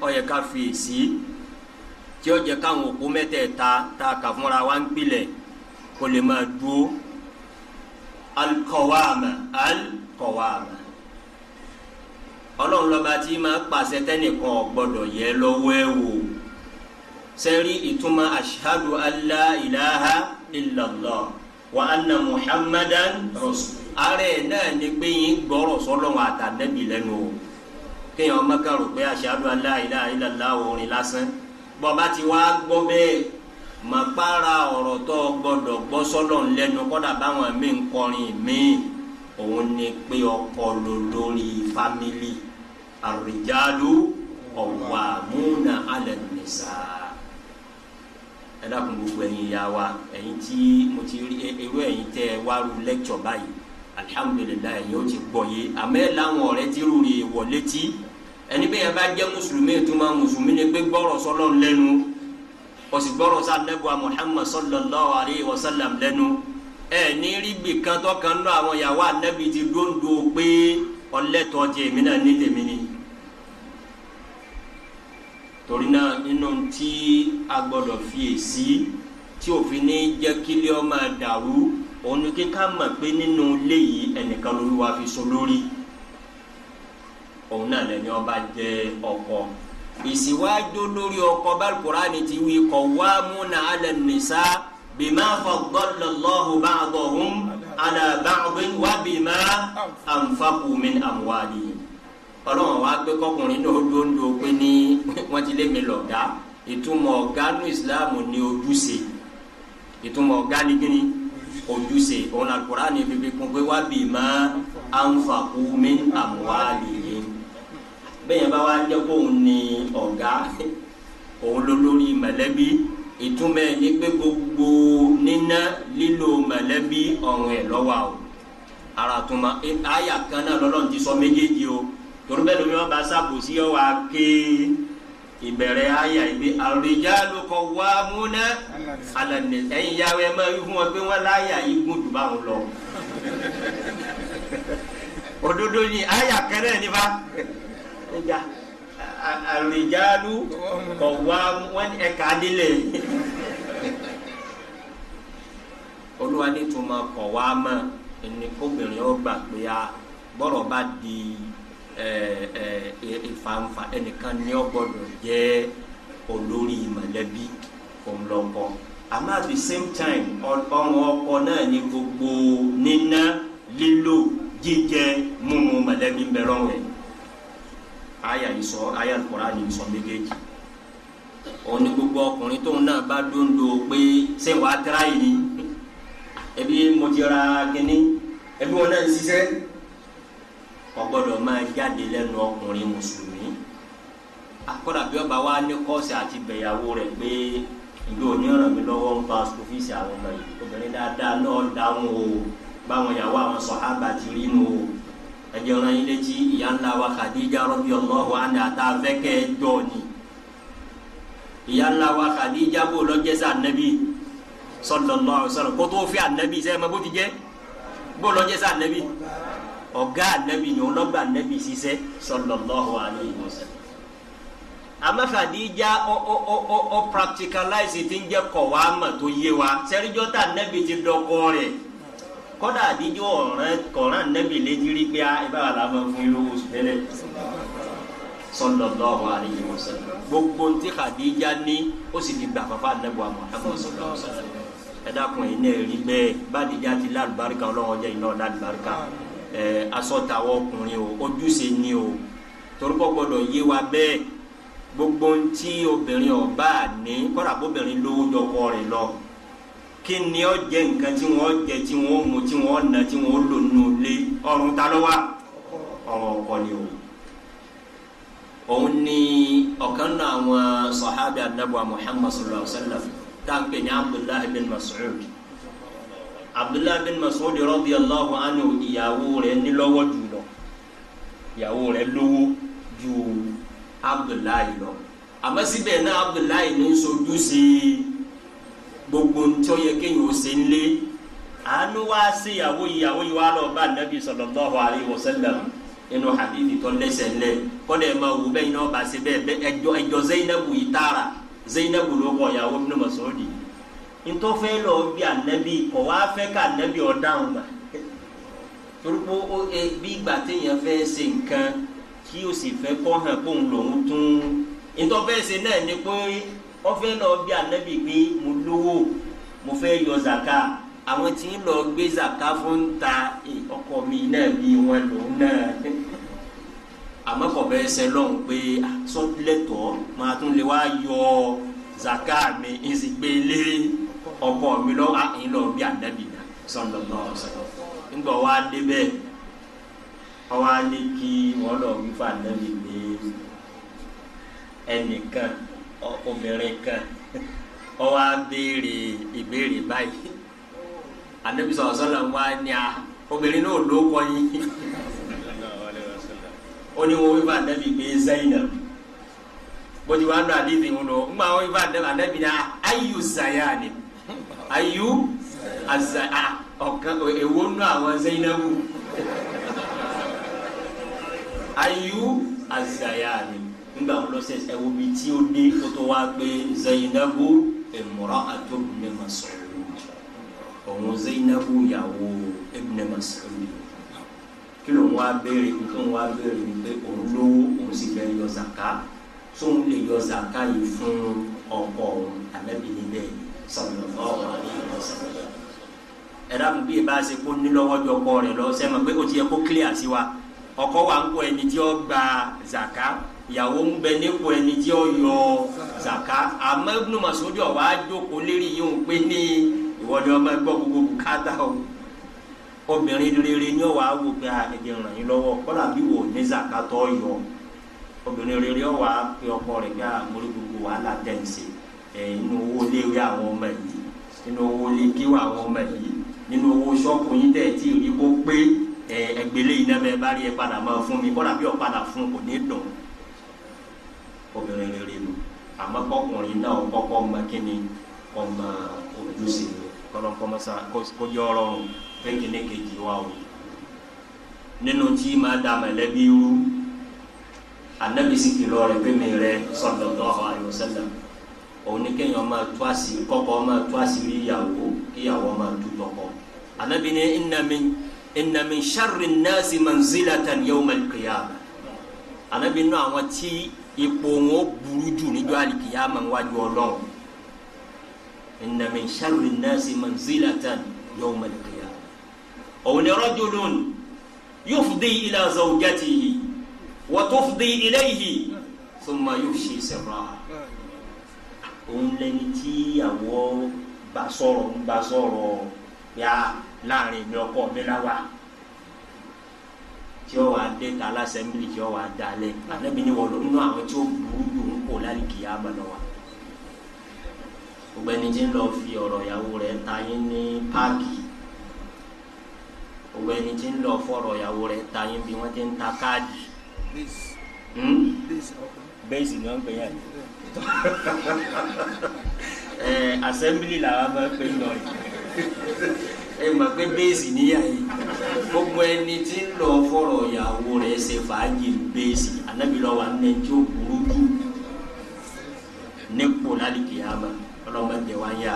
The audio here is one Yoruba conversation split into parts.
ó yẹ ká fi èsì tí ó jẹ́ káwọn òkú mẹ́tẹ̀ẹ̀ta tá a kà fúnra wa ń pilẹ̀ kó lè máa dúró alikọwaama alikọwaama Ọlọ́run lọba tí máa pàṣẹ tẹnìkan gbọ́dọ̀ yẹ lọ́wọ́ ẹ wò sẹrí ìtumọ̀ ashhadu ilaha illallah wa anna muhammadan rasul ààrẹ náà ni pé yín gbọ́rọ̀ sọ́lọ́run àtànẹbì lẹ́nu o kéèyàn ọmọ kan rò pé ashadu an la ilaha illallah orin lásán bọ́ba ti wá gbọ́ bẹ́ẹ̀ mọ̀ para ọ̀rọ̀ tó gbọ́dọ̀ gbọ́ sọ́dọ̀ ńlẹ́nu kọ́dà báwọn míì ń kọrin míì òun ni pé ọkọ ló lórí fámìlì àrùjálù ọ̀wà múna alẹ́ nìsa ẹ dákun gbogbo ẹ̀yin ya wa ẹ̀yin tí mo ti rí ewé ẹ̀yin tẹ́ wàrú lẹ́kítọ̀ báyìí alihamudulilayi ẹ̀yin ti gbọ́ yé àmẹ́ làwọn ọ̀rẹ́ tí rúri wọlé tí ẹni bẹ́ẹ̀ yẹn bá jẹ́ mùsùlùmí ìtumọ̀ mùsùlùmí ni pé gbọ́rọ̀ sọ́lọ́ lẹ́nu ó sì gbọ́rọ̀ sá nẹ́bùa Muhammad sallallahu alayhi wa sallam lẹ́nu ẹ ní rí bìkan tọkàn náà àwọn ìyàwó anẹ́bi ti dóńdó pé ọlẹ́tọ̀ jẹ èmi náà ní tèmi ni torí náà nínú tí a gbọ́dọ̀ fi èsì tí òfin ní jẹ́ kílẹ̀ ọmọ dàrú òun ni kíkà mọ̀ pé nínú ilé yìí ẹnìkan lórí wa fi so lórí òun náà lẹni ọba jẹ ọkọ ìsìwájú lórí ọkọ bálùkùránì ti wí kọ wá múna alẹ nìsa bìmá fọgbọlọlọhùn bá àgọhùn alábàgbìn wá bìmá ànfàkùnmí àmúwádì Ọlọ́run wa pé kọkùnrin náà dóńdó pé ní wọn ti lé mi lọgá ìtumọ̀ ọ̀gá ní Islam ojúṣe ìtumọ̀ ọ̀gá ojúṣe òun àkùrá ní bíbí kún pé wá bìmá ànfàkùnmí àmúwádì bẹ́yẹn bá wá jẹ́ kó òun ni ọ̀gá òun ló lórí mọ̀lẹ́bí ìtumọ̀ ẹ̀ ní pé gbogbo níná lílo mọ̀lẹ́bí ọ̀run ẹ̀ lọ́wọ́ o ara tuma àyà kan náà lọ́lọ́run ti sọ méjèèjì o torí bẹ́ẹ̀ lómi wọn bá sábòsí ọ wá ké ìbẹ̀rẹ̀ àyà ìgbé ar-rijalu qawwamuna 'ala an-nisa ẹ̀yin yàwé ẹ̀ máa wí fún wọn pé wọ́n láyà yìí gùn jù báwọn lọ òdodo ni àyà kẹrẹ́ nípa ẹja àrìjálù kọ̀wá wọn ẹ̀ka délẹ̀ olúwa ní túmọ̀ kọ̀wá mọ̀ ẹni kóbìnrin ó gbà pé a bọ́rọ̀ bá di ìfàǹfà ẹnìkan ní ó gbọ́dọ̀ olórí mọ̀lẹ́bí òun lọ́kọ the same time ọ̀rùn ọkọ náà ní gbogbo níná lílo jíjẹ mímu mọ̀lẹ́bí ń bẹ Aya yìí sọ àyà Al-Qur'an yìí sọ méjèèjì òun ni gbogbo ọkùnrin tóun náà bá dóńdó pé ṣé wàá tẹ́ra yìí ni ẹbí mo ti ra kínní ẹbí wọn náà ń ṣiṣẹ́ ó gbọ́dọ̀ máa jáde lẹ́nu ọkùnrin mùsùlùmí akọ́dà bí ọba wa ní kọ́ọ̀sì àti bẹ̀yàwó rẹ̀ pé ìlú oníràn mi lọ́wọ́ ń pa sọfíìsì àwọn ọmọ yìí obìnrin dáadáa náà dáhùn o báwọn ìyàwó àwọn sọ̀hábà ti rí nu o ẹjọra yìí létí ìyá ńlá wa Khadija radiyallahu anha àtàfẹ́ kẹ́ ẹ jọ ni ìyá ńlá wa Khadija bò lọ́jẹ́ sí ànábì sallallahu alaihi wasallam kó tó fi ànábì sẹ́yìn mọ́ bó ti jẹ́ bó lọ́jẹ́ sí ànábì ọ̀gá ànábì ni ọlọ́gbà ànábì ṣiṣẹ́ sallallahu alaihi wasallam àmọ́ Khadija practicalize ti ń jẹ́ kọ̀ wá mọ̀ tó yé wa sẹ́ríjọ́ta ànábì ti dọ́kọ rẹ̀ kọ́dà àdíjọ́ ọ̀rẹ́ kọ̀ọ̀rán nẹ́bí léjírí pé ibà wà láwọn fún irú oṣù tẹ́lẹ̀ sallallahu alaihi wasallam gbogbo ntí Khadija ní ó sì ti gbà fáfá nẹ́bù àmọ́ àmọ́ sallallahu alaihi wasallam ẹ yìí náà rí bẹ́ẹ̀ bàdíjà ti lálùbáríkà ọlọ́wọ́n jẹ́ iná lálùbáríkà ẹ asọ́tàwọ́ ọkùnrin o ojúṣe ni o torúkọ gbọdọ̀ yé wa bẹ́ẹ̀ gbogbo ntí obìnrin ọ̀bá ní kọ́dà bóbìnrin lówó jọkọ rẹ̀ lọ kí ni ọ jẹ nǹkan tí wọn jẹ tí wọn mú tí wọn nà tí wọn lò nù lé ọrùn ta ló wà ọrùn ọkọ ni o òun ni ọ̀kan náà àwọn sọ̀hábì anábọ̀ muhammad sallallahu alaihi wa sallam táǹpé ní abdullahi bin mas'ud abdullahi bin mas'ud radiyallahu anhu ìyàwó rẹ̀ nílọ́wọ́ jùlọ ìyàwó rẹ̀ lówó ju abdullahi lọ àmọ́ síbẹ̀ náà abdullahi ní sojú sí i gbogbo ntí ó yẹ kéèyàn ó ṣe ńlé àánú wá sí ìyàwó ìyàwó yìí wá lọ bá nàbì sallallahu alaihi wasallam nínú hadithi tó lẹ́sẹ̀ lẹ kọdẹ ma wò bẹyìn náà bá ṣe bẹ́ẹ̀ bẹ ẹjọ ẹjọ zainabu yìí taara zainabu ló kọ ìyàwó nínú masọọdi ntọfẹ lọ bí anabi kọ wá fẹ́ ká anabi ọdáhùn ma torípò ó ẹ bí ìgbà téèyàn fẹ́ ṣe nǹkan kí o sì fẹ́ kọ hàn kó ń lòún tún ntọfẹ ṣe náà ni pé ọfẹ lọ bí anabi pé mo lówó mo fẹ́ yọ zaka àwọn tí ń lọ gbé zaka fún ta ọkọ mi náà bí wọn lòun náà àmọ́ kò fẹ́ ṣe lọ́hùn pé ah, sọ́tìlẹ̀tọ̀ máa tún lè wá yọ zaka mi ń sì gbé lé ọkọ mi lọ àyìn ah, lọ bí anabi náà sọlọlọ sọlọ ńgbọ wa débẹ̀ ọwọ alẹ kí wọn lọ wí fún anabi pé ẹnìkan obìnrin kan ó wá béèrè ìbéèrè báyìí anabi sọlọ sọlọ wa ni a obìnrin náà ló kọ yín ó ní wọn wípé anabi gbé Zainab bójú wa nù àdìsí wọn lọ ńgbà wọn wípé anabi náà ayu zayani ayu aza a ọ̀kan èwo nù àwọn Zainabu ayu azayani ńgbà wọn lọ sẹsẹ ẹwọ bíi tí ó dé kó tó wá pé Zainabu imra'atu ibn Mas'ud òun Zainabu ìyàwó ibn Mas'ud kí ló ń wá béèrè kí ló ń wá béèrè pé òun lówó òun sì fẹ́ yọ zaka tóun lè yọ zaka yìí fún ọkọ òun ànábì níbẹ̀ sallallahu alaihi wasallam ẹ̀rọ àmì bíi bá a ṣe kó nílọ́wọ́jọ kọ́ rẹ̀ lọ sẹ́mi pé ó ti yẹ kó clear sí wa ọkọ wa ń kó ẹni tí ó gba zaka ìyàwó ń bẹ nípò ẹni jẹ́ ọyọ zaka àmọ́ Ibn Mas'ud wá jókòó lérí yìí ń pè ní ìwọ́de ọmọ ẹgbọ́ gbogbo bùkátà o obìnrin rere ni ó wàá wò pé àgbègbè ràn yín lọ́wọ́ kọ́lá bí wò ní zaka tó yọ obìnrin rere ó wàá pe ọkọ rẹ̀ pé àmúrí gbogbo wàhálà tẹ̀sí inú owó léwé àwọn ọmọ yìí nínú owó lé kíwà àwọn ọmọ yìí nínú owó ṣọ́ọ̀kù yín tẹ̀ tí ìrìbó pé ẹgbẹ́lẹ́ yìí náà bẹ́ẹ̀ bá rí ẹ padà máa fún mi kọ́lá bí ó padà fún kò ní dùn obìnrin rere nù àmọ́ kọkùnrin náà kọ́kọ́ mọ kíni ọmọ ojúṣe kọlọ́nkọ́mọ́sá kọjọ́ ọ̀rọ̀rùn fẹ́kìnní kejì wa o nínú tí máa da mọ̀lẹ́bí rú anabi sì kìlọ̀ rẹ̀ pé mi rẹ̀ sallallahu alaihi wasallam òun ni kéèyàn máa tó àṣírí kọ́kọ́ máa tó àṣírí ìyàwó kíyàwó máa tó tọkọ anabi ní inna min inna min sharri nnasi manzilatan yawm al-qiyamah anabi nù àwọn tí ipò wọn ó burú jù níjọ́ àlìkìyàmà wájú Ọlọ́run inna min sharri nnasi manzilatan yawm al-qiyamah òun ni rajulun yufdi ila zawjatihi wa tufdi ilayhi thumma yufshi sirraha òun lẹni tí ìyàwó bá sọ̀rọ̀ ń bá sọ̀rọ̀ yá láàrin mi ọkọ mi láwàá tí ó wà dé ta lásẹ̀mbìlì tí ó wà dalẹ̀ ànábi ni wọ́n nínú àwọn tí ó burú jù ń kó láti kì í abànà wa. gbogbo ẹni tí ń lọ fi ọ̀rọ̀ ìyàwó rẹ̀ ta yín ní páàkì gbogbo ẹni tí ń lọ fọ̀rọ̀ ìyàwó rẹ̀ ta yín bí wọ́n ti ń ta káàdì. bẹ́ẹ̀sì hmm? ni wọ́n ń pè yàn ní. ẹ àsẹ̀mbìlì làwọn máa ń pè lọ yìí. ẹ mọ̀ pé bẹ́ẹ̀sì níyà yìí gbogbo ẹni tí ń lọ fọ̀rọ̀ ìyàwó rẹ̀ ṣe fàájì bẹ́ẹ̀sì anábìlọ wa ní tí ó burú jù nípò lálìkì àmà ọlọ́mọdé wa yá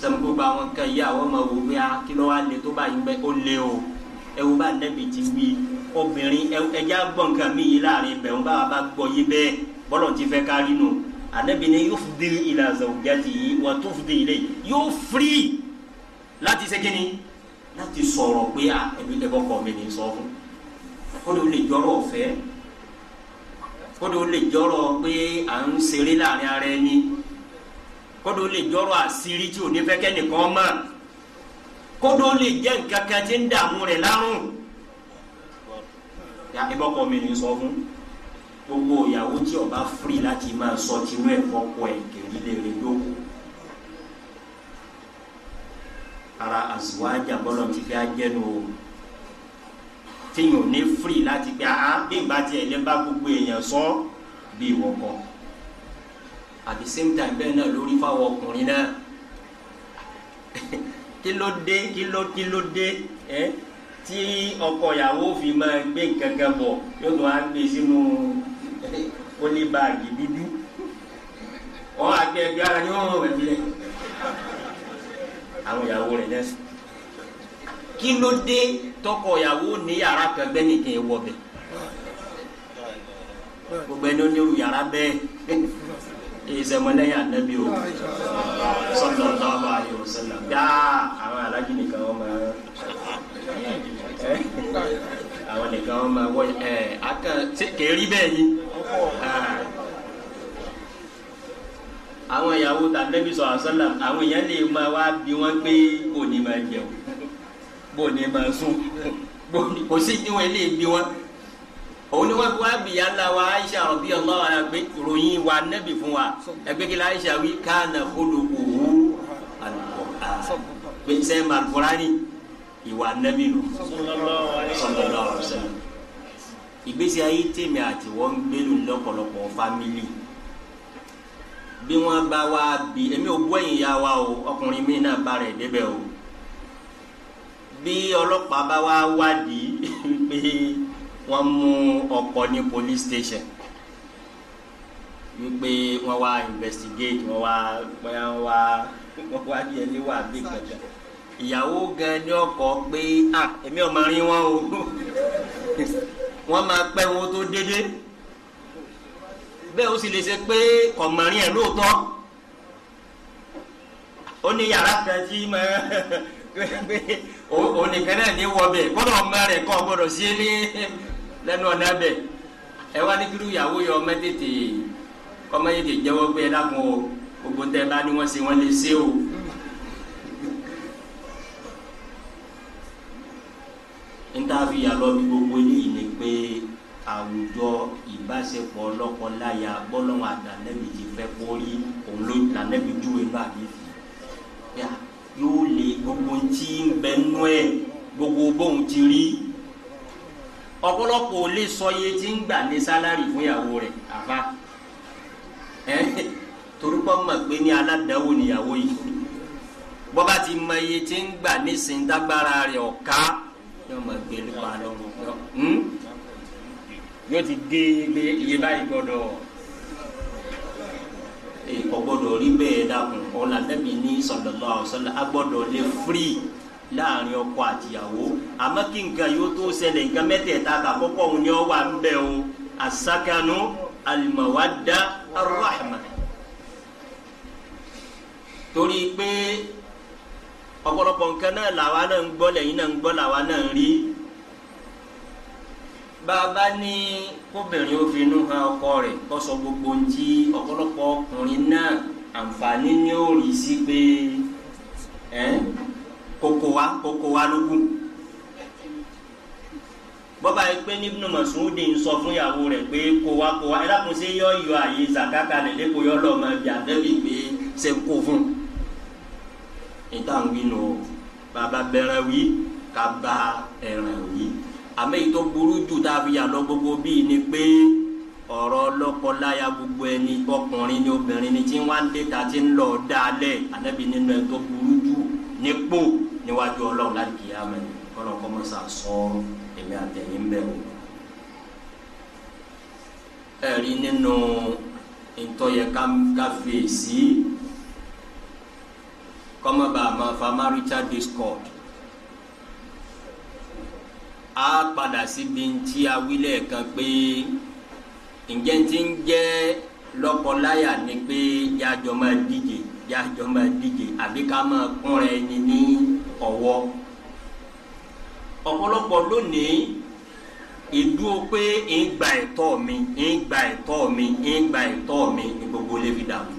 sọmi gbogbo àwọn kan yìí àwọn ọmọ wo bí a kí lọ́wọ́ alẹ́ tó bá yín bẹ́ ó lé o ẹ wo bá nẹ́bì ti wí obìnrin ẹja gbọ́ nǹkan mi yìí láàrin ibẹ̀ wọn bá wa bá gbọ́ yí bẹ́ẹ̀ bọ́lọ̀ ti fẹ́ kárí nù ànẹ́bìnrin yóò fi dé ìlànà òjá ti yìí wọ́n tó fi dé ilé yóò firi láti ṣe kí ni láti sọ̀rọ̀ pé à ẹbí ẹbọ kọ̀ mi ní sọ fún kódò ó lè jọ́rọ̀ ọ̀fẹ́ kódò ó lè jọ́rọ̀ pé à ń ṣeré láàrin ara ẹni kódò ó lè jọ́rọ̀ àṣírí tí ò ní fẹ́ kẹ́nìkan mọ̀ kódò ó lè jẹ́ nǹkan kan tí ń dààmú rẹ̀ lárùn ya ẹbọ kọ̀ mi ní sọ fún gbogbo ìyàwó tí ó bá firi láti máa sọ tinú ẹ̀fọ́ kọ ẹ̀ kèrè ara azuwaja bọ́lọ̀ ti fi ajẹ́nu o téèyàn firi láti gbé a bí n bá tiẹ̀ lé gbogbo èèyàn sọ bí ìwọ kọ àti same time bẹ́ẹ̀ náà lórí fáwọn ọkùnrin náà kí kilo dé kí ló kí ló dé ẹ tí ọkọ ìyàwó fi máa gbé nǹkan kan bọ̀ yóò tún á gbé sínú oníbàgì dúdú wọn àgbẹ̀ ẹgbẹ́ ara ni wọ́n rẹ̀ àwọn ìyàwó rẹ̀ náà sùn kí ló dé tọkọ ìyàwó ní yàrá kan gbẹ́ni kì í wọbẹ̀ gbogbo ẹni ó ní irú yàrá bẹ́ẹ̀ ìsẹ̀mọ́lẹ́yìn ànábì o sallallahu alaihi wasallam gbáà àwọn alájí nìkan wọn máa àwọn nìkan wọn máa wọ ẹ akẹ́ kèérí bẹ́ẹ̀ ni àwọn ìyàwó tàbí sọ àṣọlá àwọn èèyàn lè máa wá bí wọ́n pé bò ní máa jẹun bò ní máa sùn kò sí tí wọ́n lè bí wọ́n òun ni wọ́n fi wá bìyà ńlá wa Aisha rọ̀bí ọlọ́wà àgbẹ̀ ròyìn wa nẹ́bì fún wa ẹgbẹ́ kí la Aisha wí káànà olùkòwò àlùkò sẹ́ màkúránì ìwà nẹ́bì nù sọlọ́lọ́ ìgbésí ayé tèmi àtiwọ́n ń gbénu lọ́pọ̀lọpọ̀ fámìlì bí wọn bá wa bí èmi ò bú ẹ̀yìn ya wa o ọkùnrin mi náà bá rẹ̀ débẹ̀ o bí ọlọ́pàá bá wa wádìí pé wọ́n mú ọkọ ní police station wípé wọ́n wá investigate wọ́n wá wọ́n wá wọ́n wá bí ẹni wà bí kankan ìyàwó gan ni ọkọ pé ah èmi ò máa rí wọn o wọ́n máa pẹ́ wọn tó déédéé bẹ́ẹ̀ ó sì lè ṣe pé kọ̀mọ̀rin ẹ̀ lóòótọ́ ó ní yàrá kan tí mọ pé ònìkan náà ní wọbẹ̀ gbọ́dọ̀ ọmọ rẹ̀ kọ́ gbọ́dọ̀ sí ní lẹ́nu ọ̀nà bẹ̀ ẹ wá ní kí ìyàwó yọ ọmọ tètè kọ́mọ yìí tètè jẹ́wọ́ pé ẹ dákun o gbogbo tẹ bá ní wọ́n ṣe wọ́n lè ṣe o. ń fi yà lọ bí gbogbo eléyìí ni pé àwùjọ ìbáṣepọ̀ lọ́kọláya bọ́lọ́wọ́ àtànẹ́bì ti fẹ́ kórí òun ló lànẹ́bì júwe bá mi fi yà yóò lè gbogbo tí ń bẹ nú ẹ gbogbo bóun ti rí ọ̀pọ̀lọpọ̀ lè sọ iye tí ń gbà ní sálárì fún ìyàwó rẹ̀ àfa ẹ̀ torúkọ mọ̀ pé ní aládàáwò níyàwó yìí bọ́ba ti mọ iye tí ń gbà ní sèǹtàgbára rẹ̀ ọ̀ká yóò mọ̀ gbé nípa lọ́wọ́ hmm? yóò ti dé gbé iye báyìí gbọ́dọ̀ kò gbọ́dọ̀ rí bẹ́ẹ̀ dákun ọlà lẹbi ní sallallahu alaihi wasallam a gbọ́dọ̀ lè firi láàrin ọkọ àtìyàwó àmọ́ kí nǹkan yóò tó ṣẹlẹ̀ nǹkan mẹ́tẹ̀ẹ̀ta àkọ́kọ́ òun ni ọ wà ń bẹ o asakanu alimawadda arahma torí pé ọ̀pọ̀lọpọ̀ nǹkan náà làwa náà ń gbọ́ lẹ́yìn náà ń gbọ́ làwa náà ń rí bàbá ní kóbìnrin obìnrin nu hàn ọkọ rẹ̀ kó sọ gbogbo ń jí ọ̀pọ̀lọpọ̀ ọkùnrin náà àǹfààní ní ó rí sí pé kókó wa kókó wa ló kù bọ́ba yìí pé níbi mọ̀sùnúdì ń sọ fún ìyàwó rẹ̀ pé kó wa kó wa ẹ dákun sí yọ yọ àyè zakaka lè lépo yọ lọ́mọ ibi àtẹ́bí pé ṣe kó fún ìtàn wí nù bàbá bẹ̀rẹ̀ wí kaba ẹ̀rẹ̀ wí àmọ́ èyí tó burú jù tá a fi yà lọ gbogbo bíi ni pé ọ̀rọ̀ lọ́kọ gbogbo ẹni ọkùnrin ni obìnrin ni tí wọ́n á dé ta ti ń lọ dáadẹ́ ànábì nínú ẹ̀ tó burú jù nípò níwájú ọlọ́run láti kì í amẹ́ kọ́nà kọ́mọ́sà sọ èmi àtẹ̀yìn bẹ́ẹ̀ o. ẹ̀rí nínú ìtọ́yẹ káfíèsí kọ́mọ́bà máa fa marital discord a padà síbi tí a wílẹ̀ kan pé ǹjẹ́ ti ń jẹ́ lọ́kọláya ni pé yájọ́ máa díje yájọ́ máa díje àbí ká máa kúnra ẹni ní ọ̀wọ́ ọ̀pọ̀lọpọ̀ lónìí ìdúró pé ń gba ẹ̀tọ́ mi ń gba ẹ̀tọ́ mi ń gba ẹ̀tọ́ mi ní gbogbo lébi dàrú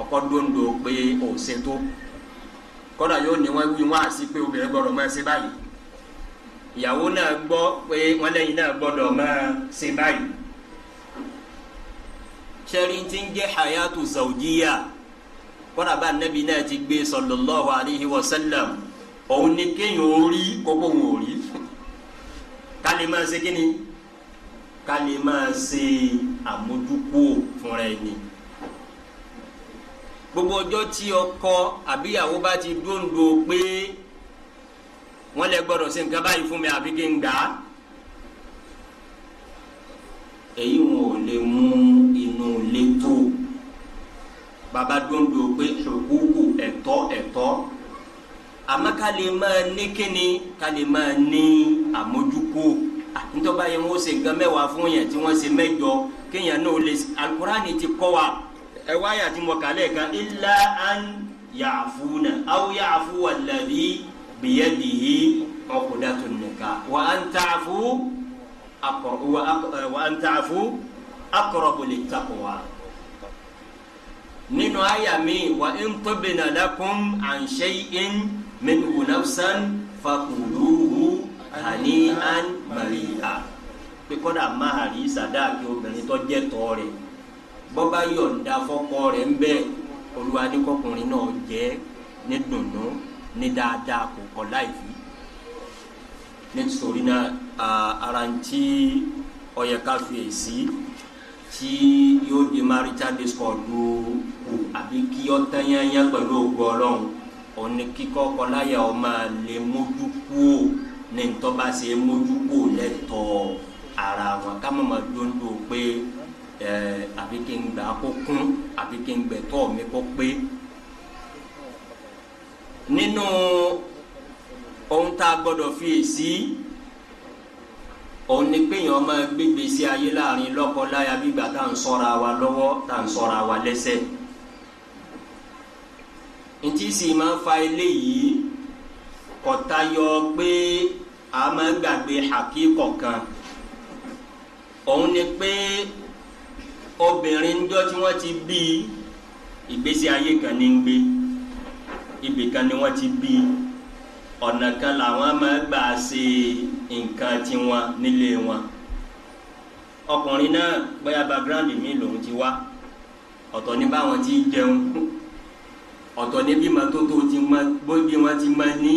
ọkọ dondo pé òsètò kódà yóò ní wọn wí wọn àti pé obìnrin gbọ́dọ̀ máa ṣe báyìí ìyàwó náà gbọ́ pé wọ́n lẹ́yìn náà gbọ́dọ̀ máa ṣe báyìí. sẹ́rí ti ń jẹ́ hayatu zawjiya kọ́nà bá nẹ́bí náà ti gbé sallallahu alayhi wa sallam òun ni kéèyàn orí kókó òun ò rí ká lè máa ṣe kíni ká lè máa ṣe àmójúkú fúnra ẹni gbogbo ọjọ́ tí ọkọ àbíyàwó bá ti dóńdó pé wọ́n lẹ gbọ́dọ̀ ṣe nǹkan báyìí fún mi àfi kí n gbà á èyí wọn ò lè mú inú ilé tó baba dondo pé ṣòkúkú ẹ̀tọ́ ẹ̀tọ́ àmọ́ ká lè máa ní kíni ká lè máa ní àmójúkó nítorí yẹn wọ́n ṣe nǹkan mẹ́wàá fún yẹn tí wọ́n ṣe mẹ́jọ kéèyàn náà lè alukurani ti kọ́ wa ẹ wáyà tí mo kà lẹ́ẹ̀kan illa an ya'funa aw ya'fu alladhi biyadihi uqdatu nikah wa an ta'fu aqrabu wa an ta'fu aqrabu littaqwa nínú àyà mi wa in tubna lakum an shay'in minhu nafsan fakuluhu hani'an mari'a pé kódà máa rí sàdáàkì obìnrin tó jẹ́ tọ́ rẹ̀ bọ́bá yọ̀ǹda fọ́kọ rẹ̀ ń bẹ́ẹ̀ olùwádìí kọkùnrin náà jẹ́ No? ní dáadáa kò kọ́ láìfi nítorí náà ara ń tí ọyẹ ká fi èsì tí yóò di marital discord lu kù àbí kí ọ tẹ́yẹ́yẹ́ pẹ̀lú ògùn ọlọ́run òní kíkọ́ kọláyà ọmọ lè mójú kúò ní ntọ́ba ṣe mójú kúò lẹ́tọ̀ọ́ ara wọn ká mọ̀mọ́ dóńdó pé àbí kí n gbà kó kún àbí kí n gbẹ̀tọ́ mi kó pé nínú ohun tá a gbọ́dọ̀ fi èsì òun ni pé èèyàn máa gbégbé sí ayé láàrin lọ́kọ-láya gbígbà tá à ń sọ́ra wa lọ́wọ́ tá à ń sọ́ra wa lẹ́sẹ̀ ntí sì máa ń fa eléyìí kọ̀tà yọ pé a máa gbàgbé àkí kọ̀ọ̀kan òun ni pé obìnrin ńjọ́ tí wọ́n ti bí ìgbésí ayé kan ní ń gbé ibì kan ni wọ́n ti bí ọ̀nà kan làwọn máa gbà ṣe nǹkan tiwọn nílé wọn ọkùnrin náà bóyá background mi lòun ti wá ọ̀tọ̀ ní báwọn ti jẹun ọ̀tọ̀ ní bí mọ́tótó ti mọ bí wọ́n ti mọ ní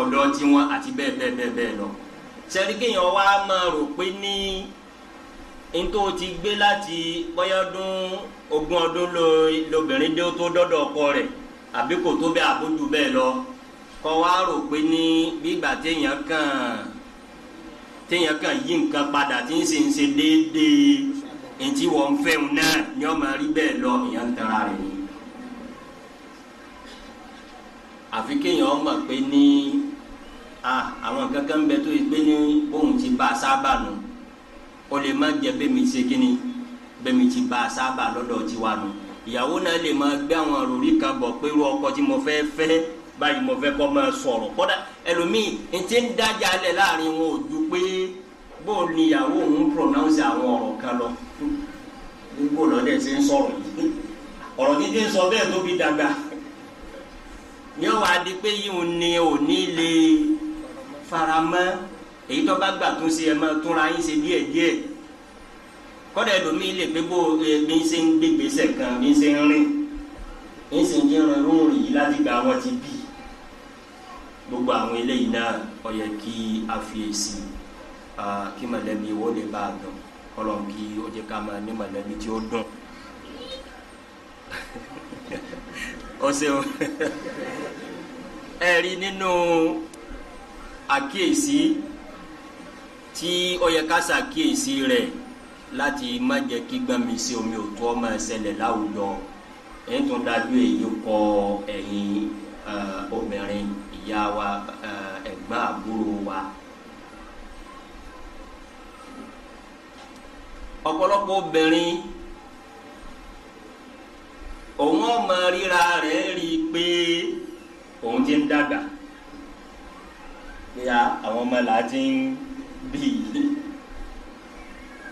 ọ̀dọ̀ tiwọn àti bẹ́ẹ̀ bẹ́ẹ̀ bẹ́ẹ̀ bẹ́ẹ̀ lọ sẹ́rí kéèyàn wá máa rò pé ní ntó ti gbé láti bóyá ọdún ogún ọdún lóbìnrin dé tó dọ́dọ̀ ọkọ rẹ̀ àbí kò tó bẹ́ẹ̀ àbójú bẹ́ẹ̀ lọ kọ́ wa rò pé ní gbígbà téèyàn kàn téèyàn kàn yí nǹkan padà tí ń ṣe ń ṣe déédéé ètí wọ́n fẹ́ wọn náà ni wọ́n máa rí bẹ́ẹ̀ lọ èèyàn ń tara rẹ̀ ni. àfi kéèyàn mọ̀ pé ní àwọn nǹkan bẹ tó yẹ pé ní bóun ti bá sábà nù o lè má jẹ bẹ́ẹ̀ mi ṣe kí ni bẹ́ẹ̀ mi ti bá sábà lọ́dọ̀ tiwa nù. No ìyàwó náà lè máa gbé àwọn àròrí kan bọ̀ pé irú ọkọ tí mo fẹ́ fẹ́ báyìí mo fẹ́ kọ́ máa sọ̀rọ̀ kọ́dà ẹlòmíì n ti ń dájà lẹ̀ láàrin wọn ò ju pé bó ni ìyàwó òun pronounce àwọn ọ̀rọ̀ kan lọ nígbò lọ́dẹ̀ ṣe ń sọ̀rọ̀ yìí ọ̀rọ̀ títí ń sọ bẹ́ẹ̀ tó fi dàgbà ní ọ̀wá di pé yíò ní òní lè faramọ́ èyí tó bá gbà tó ṣe ẹ̀ máa túnra yín ṣe díẹ̀díẹ̀ kọ́dà ẹlòmíì lè gbé bó eh, bí ṣe ń gbé gbèsè kan bí ṣe ń rìn bí ṣe ń jẹ́ irun rìn yìí láti gba àwọn ti bì gbogbo àwọn eléyìí náà ó kí a fi èsì kí mọ̀lẹ́bí wo lè bá a dùn kọ́lọ̀ kí ó jẹ́ ká máa ní mọ̀lẹ́bí tí ó dùn ó ṣeun ẹ nínú àkíyèsí tí ó yẹ ká ṣàkíyèsí láti má jẹ́ kí gbọ́nmi sí omi òtún ọmọ ẹsẹ̀lẹ̀ láwùjọ èyí dájú èyí kọ ẹ̀yìn obìnrin ìyá wa ẹ̀gbọ́n àbúrò wa. ọ̀pọ̀lọpọ̀ obìnrin òun ọmọ ríra rẹ̀ rí i pé òun ti ń dàgbà pé àwọn ọmọ làá ti ń bì í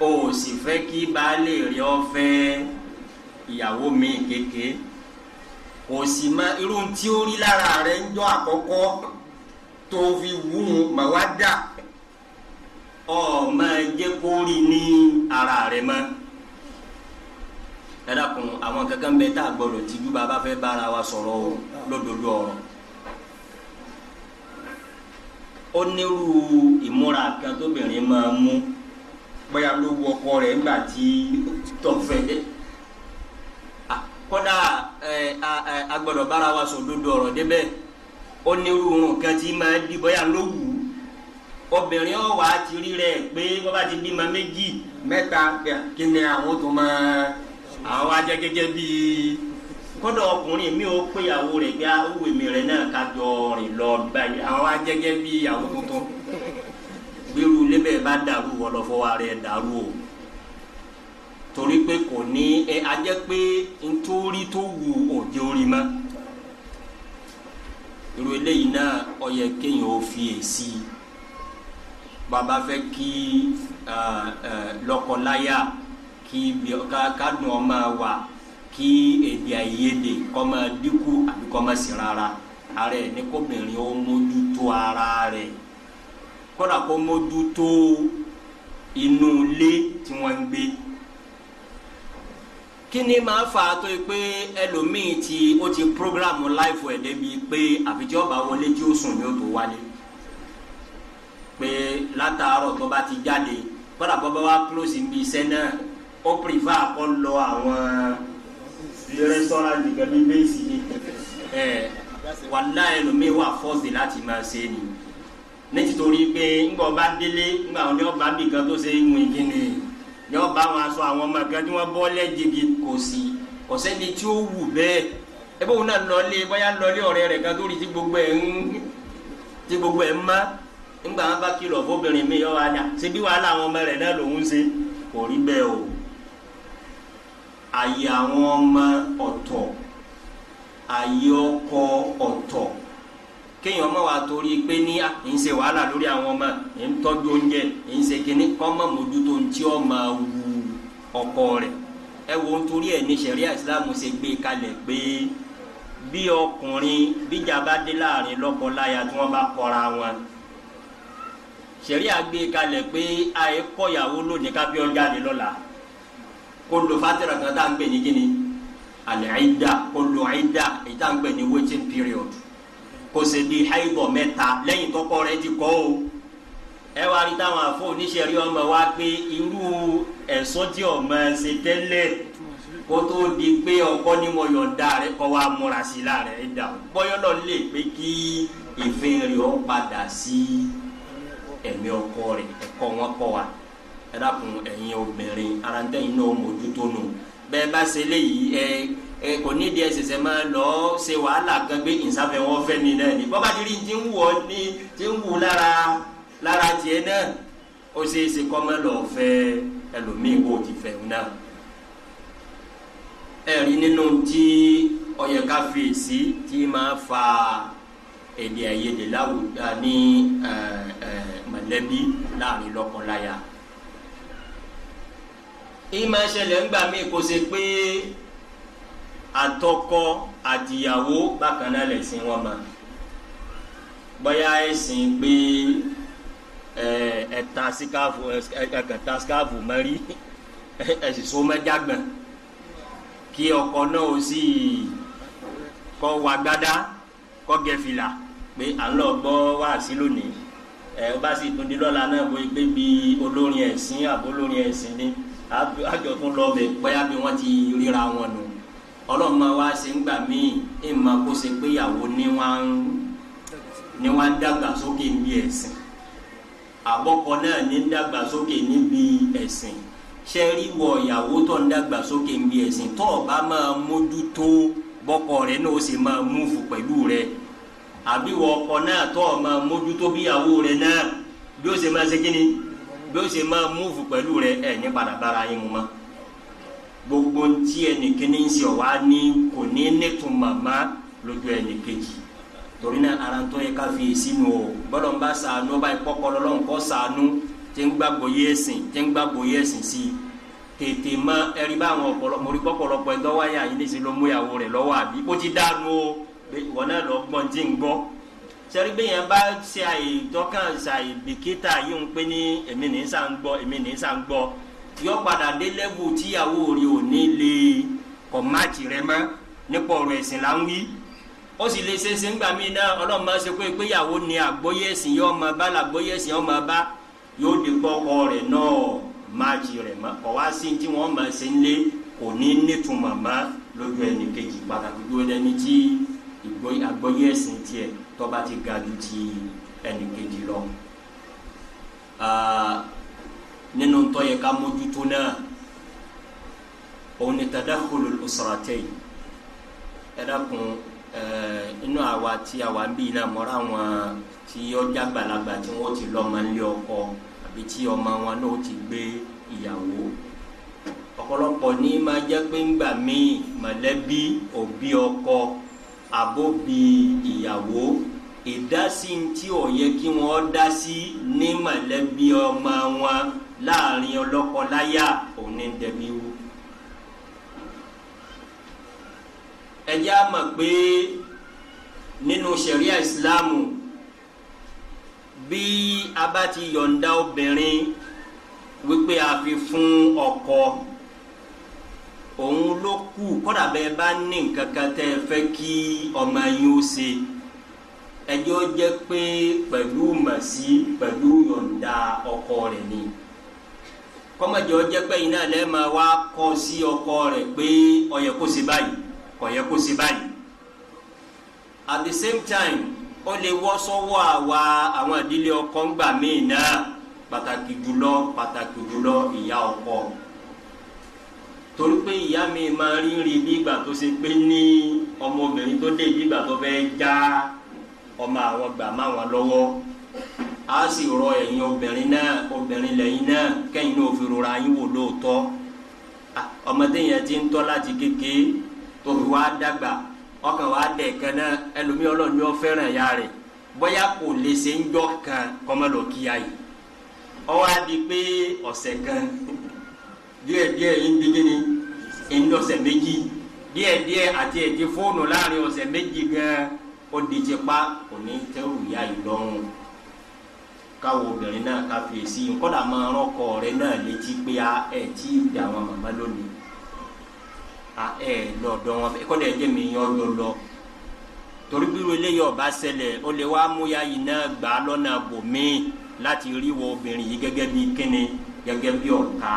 o ò sì fẹ́ kí baálé rẹ ọ fẹ́ ìyàwó mi kéke kò sì mọ irú tí ó rí lára rẹ ń jọ àkọ́kọ́ tó fi wú mà wá dà ọ máa jẹ́ kó rí ní ara rẹ mọ́ dada kun àwọn kankan bẹ tá a gbọ́dọ̀ tijú bàbá fẹ́ bára wa sọ̀rọ̀ o lódodo ọ̀rọ̀ ó nírú ìmúra kan tóbìnrin máa mú. bóyá ló wọ ọkọ rẹ̀ ńgbà tí tọ̀fẹ́ kódà a gbọ́dọ̀ bára wa sọ dodo ọ̀rọ̀ débẹ̀ ó ní irun kan tí máa di bóyá ló obìnrin ó ti rí rẹ̀ pé wọ́n bá ti bímọ méjì mẹ́ta kí ni àwọn tó máa àwọn gẹ́gẹ́ ọkùnrin mi ò péyàwó rẹ̀ gbé owó èmi rẹ̀ náà rìn lọ báyìí àwọn gbèrú ilé bẹ́ẹ̀ bá dàrú wọ́n lọ rẹ̀ dàrú o torí pé kò ní ẹ ajẹ́ pé nítorí tó wù òde orí mọ́ irú eléyìí náà ó kéèyàn ó fi èsì bàbá fẹ́ kí kí ọmọ wa kí èdè àìyedè kó dịkụ dínkù àbí sí rárá ara ẹ̀ ara rẹ̀. kọ́dà kó mójútó inú ilé tí wọ́n ń gbé kí ni máa fà á tó yẹ pé ẹlòmíì tí ó ti programu láìfò ẹ̀ débi pé àfijọ́ bá wọlé tí ó sùn yóò tó wálé pé látàárọ̀ tó bá ti jáde kọ́dà bọ́ bá wá close ibi iṣẹ́ náà ó prefer kọ́ lọ àwọn restaurant gẹ́gẹ́ bí bẹ́ẹ̀sì ẹ̀ wàláyé lomi wà fọ́ọ̀sì láti máa ṣe nìyí. nítorí pé ńgbọ bá délé ńgbà wọn ni wọn bá bì kan tó ṣe ìwìn kíni ni wọn bá wọn aṣọ àwọn ọmọ kan tí wọn bọ lẹjìgì kò sí kò tí ó wù bẹ́ẹ̀ ẹ bóun náà lọlé bóyá lọlé ọ̀rẹ́ rẹ̀ gbogbo e ń tí gbogbo ẹ ń má ńgbà wọn bá kìlọ̀ fóbìnrin mi bí wàhálà àwọn o àyè àwọn ọmọ ọ̀tọ̀ àyè kéèyàn ọmọ wa torí pé ní à ah, ń ṣe wàhálà lórí àwọn ọmọ ń tọ́jú oúnjẹ ń ṣe kínní kọ́mọ mójútó ntí ọmọ wu ọkọ rẹ̀ ẹ wo nítorí ẹ̀ ní ṣẹ̀ríà ìsìlámù ṣe gbé kalẹ̀ pé bí ọkùnrin bíjà bá dé láàrin lọ́kọ láya tí wọ́n bá kọra wọn ṣẹ̀ríà gbé kalẹ̀ pé àyè kọ́yàwó lónìí kábí ọjà lè lọ́la kó lo fátìrà kan tá ń pè ní kíni àlẹ́ àìdá kó lo àìdá èyí waiting period kó ṣe bí haibọ̀ mẹ́ta lẹ́yìn tọkọ rẹ̀ ti kọ́ o ẹ wá rí táwọn àfọ oníṣẹ́rí ọmọ wa pé irú ẹ̀sọ́ tí ọmọ ṣe tẹ́lẹ̀ kó tó di pé ọkọ ni mo yọ̀ǹda rẹ kọ́ wa múra sí i láàrẹ̀ ẹ̀ dà bọ́yọ́ náà lè pé kí ìfẹ́ rẹ̀ ọ́ padà sí ẹ̀mí ọkọ rẹ̀ ẹ̀kọ́ wọn kọ́ wa ẹ dákun ẹ̀yin obìnrin ara ń tẹ́yìn náà mójútó nù bẹ́ẹ̀ bá ṣe léyìí ẹ̀ ẹ kò ní di ẹsẹsẹ máa lọ ṣe wàhálà kan gbé ìsàfẹ wọn fẹ mi náà ni bọba ti rí ti ń wù ọ ní ti ń wù lára lára tiẹ̀ náà ó ṣe é ṣe kọ́ mọ́ lọ fẹ́ ẹlòmíì kó o ti fẹ́ òun náà ẹ̀rí nínú tí ọyẹ ká fèsì tí máa fa èdè àìyedè láwùjọ ní mọ̀lẹ́bí láàrin lọ́kọláya ìmọ̀ ẹ̀ṣẹ̀lẹ̀ ńgbà míì kò ṣe pé atọkọ àtìyàwó bákan náà lè sin wọn ma bóyá ẹ̀sìn gbé ẹ̀ta sikafu ẹ̀kẹta sikafu mẹ́rí ẹ̀sìn sọmẹ́dàgbọ̀n kí ọkọ náà ó sì kọ́ wagbada kọ́ gẹ̀fìlà pé à ń lọ gbọ́ wáàsí lónìí ẹ̀ ọba sì tún di lọ́la náà bóyá pé bí olórin ẹ̀sìn àbólórin ẹ̀sìn ni àjọ tún lọ bẹ̀ bóyá bí wọ́n ti ríra wọn nù. No ọlọ́run máa wá ṣe ń gbà míì ẹ̀ máa kó ṣe pé ìyàwó ni wọ́n ń dàgbà sókè níbi ẹ̀sìn àbọ̀kọ náà ń dàgbà sókè níbi ẹ̀sìn ṣe rí wọ ìyàwó tó ń dàgbà sókè níbi ẹ̀sìn tó o bá máa mójútó bọ́kọ rẹ̀ náà ó sì máa múfù pẹ̀lú rẹ̀ àbí wọ ọkọ náà tó o máa mójútó bíyàwó náà bí máa ṣe bí gbogbo ntí ẹnìkíní ń sè wá ní kò ní nítumọ̀ mọ́ lójú ẹnìkejì torí náà arantɔ yẹ ká fi sínú o gbọ́dọ̀ ń bá sànú ọba ìkpọkọlọ lọ nǹkọ sànú tí ń gbàgbọ́ yé ẹsìn tí ń gbàgbọ́ yé ẹsìn sí tètè mọ ẹrí bá àwọn ọpọlọ mọ orí pọpọlọpọ ẹ dọwọ ayé àyè níṣẹ ló mú lọ́wọ́ àbí ó ti dànù o wọn náà lọ gbọ́n tí ń gbọ́ sẹrí bí yẹn bá ṣe àyè tọkàn ṣàyè bìkítà yìí ń pè ní èmi nìyí sàn èmi nìyí sàn yọ padà dé lẹ́bù tíyàwó rẹ̀ ò ní lè kọ̀ máàtì rẹ mọ́ nípa ọ̀rọ̀ ẹ̀sìn là ń wí ó sì lè ṣeéṣe ńgbà míì náà ọlọ́run máa ṣe pé ìgbéyàwó ni àgbóyè ẹ̀sìn yọ ọmọ bá làgbóyè ẹ̀sìn ọmọ bá yóò di kọ́ ọ rẹ̀ náà máàtì rẹ̀ mọ́ kọ̀ wá sí tí wọ́n máa ṣe ń lé kò ní nítumọ̀ mọ́ lójú ẹnì kejì pàtàkì dúró lẹ́ni tí àgbóyè ẹ̀sìn nínú tó yẹ ká mójútó náà òun ni tadakhulu al-usratayn ẹ dákun inú àwa tí àwa ń bí náà mọ́ra wọn tí ọjà gbàlagbà tí wọ́n ti lọ́mọ nílé ọkọ àbí tí ọmọ wọn náà ti gbé ìyàwó ọ̀pọ̀lọpọ̀ ní máa jẹ́ pé ńgbà míì mọ̀lẹ́bí òbí ọkọ àbóbi ìyàwó ìdásí tí ò yẹ kí wọ́n dá sí ní mọ̀lẹ́bí ọmọ wọn láàrin ọlọ́kọ láyà òun ní dẹ̀bi wú. ẹ̀jẹ̀ á mọ̀ pé nínú ṣẹ̀ríà ìsìláàmù bí a bá ti yọ̀ǹda obìnrin wípé a fi fún ọkọ òun ló kù kódà bẹ́ẹ̀ bá ní nǹkan kan tẹ́ ẹ fẹ́ kí ọmọ yín ó ṣe ẹjọ́ jẹ́ pé pẹ̀lú màsí pẹ̀lú yọ̀ǹda ọkọ rẹ̀ ni. Pe, kọ́mọ̀jọ́ jẹ́ pé iná lẹ́ máa wá kọ́ sí ọkọ rẹ̀ pé ó yẹ kó báyìí ó yẹ kó báyìí at the same time ó lè wọ́ sọ́wọ́ àwa àwọn ìdílé ọkọ ńgbà míì náà pàtàkì jùlọ pàtàkì jùlọ ìyá ọkọ torí pé ìyá mi máa ń rí bí ìgbà tó ṣe pé ní ọmọbìnrin tó dé bí ìgbà tó fẹ́ já ọmọ àwọn gbà máwọn lọ́wọ́ a sì rọ ẹ̀yin obìnrin náà obìnrin lẹ́yìn náà kẹ́yìn náà fi rora yín wò lóòótọ́ ọmọdé yẹn ti ń tọ́ láti kéke tó fi wá dàgbà ọkàn wá dẹ̀ kan náà ẹlòmíì ọlọ́ọ̀ni ọ fẹ́ràn ya rẹ̀ bóyá kò lè ṣe ń jọ kan kọ́mọlọ kíá yìí ọwọ́ adi pé ọ̀sẹ̀ kan díẹ̀ díẹ̀ yín dídí ni ń dọ̀sẹ̀ méjì díẹ̀ díẹ̀ àti ẹ̀jẹ̀ fóònù láàrin ọ̀sẹ̀ méjì gan-an ó tẹ́wù ya yìí lọ́rùn káwọn obìnrin náà ká fi èsì nkọ́dà máa rán ọkọ rẹ náà létí pé a ẹ̀ tí ì dà wọn màmá lónìí a ẹ̀ lọ́dọ̀ wọn kọ́dà ẹ̀ jẹ́ mi yan lọ lọ torí bí wọlé yọ ọba ṣẹlẹ̀ ó lè wá múyá yìí náà gbà á lọ́nà bòmíì láti rí wọ obìnrin yìí gẹ́gẹ́ bí kíni gẹ́gẹ́ bí ọ̀tá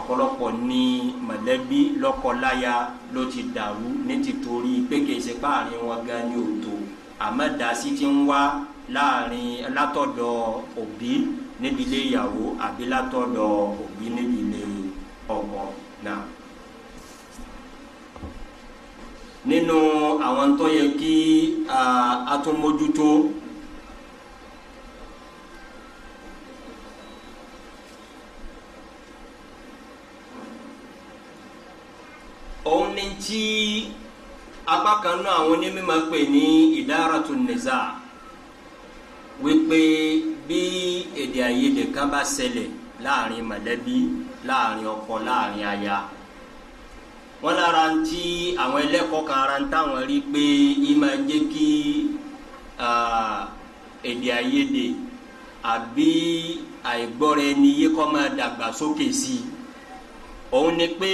ọ̀pọ̀lọpọ̀ ní mọ̀lẹ́bí lọ́kọláya ló ti dàrú ní títorí pé kèsì páàrin wọn gan ni òtò àmọ́ dàsí ti ń wá láàrin látọ̀dọ̀ òbí níbi ilé ìyàwó àbí látọ̀dọ̀ òbí níbi ilé ọkọ náà. nínú àwọn tó yẹ kí a tún mójútó òun ni tí apá kan náà àwọn onímọ̀ pè ní ìdáratun nizaa wípé bí èdè àìyedè kan bá ṣẹlẹ̀ láàrin mọ̀lẹ́bí láàrin ọkọ láàrin aya wọn lára ń tí àwọn ẹlẹ́kọ̀ọ́ kan ara ń táwọn rí pé í máa ń jẹ́ kí èdè àìyedè àbí àìgbọ́ra ẹni yé kọ́ máa dàgbà sókè sí i òun ni pé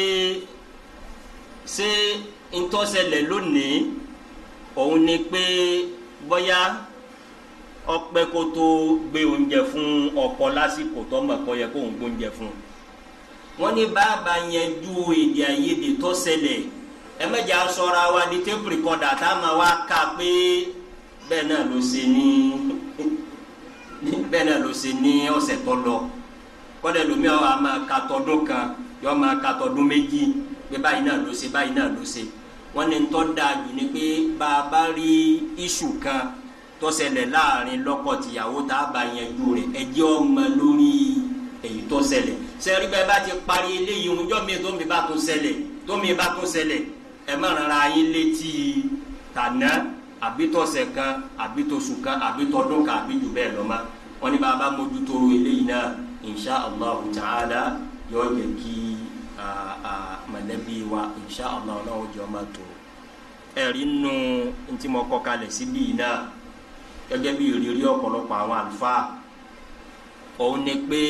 ṣé ntọ́sẹ̀lẹ̀ lónìí òun ni pé bóyá ọpẹ́ kó tó gbé oúnjẹ fún ọkọ lásìkò tó mọ̀ kó yẹ kó ń gbóúnjẹ fún un wọ́n ní bàbá yẹn ju èdè àìyedè tó ṣẹlẹ̀ ẹ sọra wa di tape recorder tá a máa wá kà pé bẹ́ẹ̀ náà ló ṣe ní bẹ́ẹ̀ náà ló ṣe ní ọ̀sẹ̀ tó lọ kọ́dẹ̀ lómi ọ̀ àmà katọ́dún kan yọ ọmọ katọ́dún méjì pé báyìí náà ló ṣe báyìí náà ló ṣe wọ́n ní ń tọ́ da jù ni pé bàbá rí iṣu kan tó ṣẹlẹ̀ láàrin lọ́kọ tìyàwó tá a bá yanjú rẹ̀ ẹ jẹ́ ọmọ lórí èyí tó ṣẹlẹ̀ sẹ́rí bẹ́ẹ̀ bá ti parí eléyìí ọjọ́ mi tó mi bá tó ṣẹlẹ̀ tó mi bá tó ṣẹlẹ̀ ẹ má rara yín létí tànà àbítọ̀sẹ̀ kan àbítọ̀sù kan àbítọ̀dún kan àbíjù bẹ́ẹ̀ lọ́mọ wọn ní bàbá mójútó eléyìí náà insha allah ta'ala yóò jẹ́ kí mọ̀lẹ́bí wa insha allah náà ó jẹ́ ọmọ tó ẹ̀rí nù ntí mo kọ́ kalẹ̀ gẹ́gẹ́ bí ìrírí ọ̀pọ̀lọpọ̀ àwọn àlùfáà òun ni pé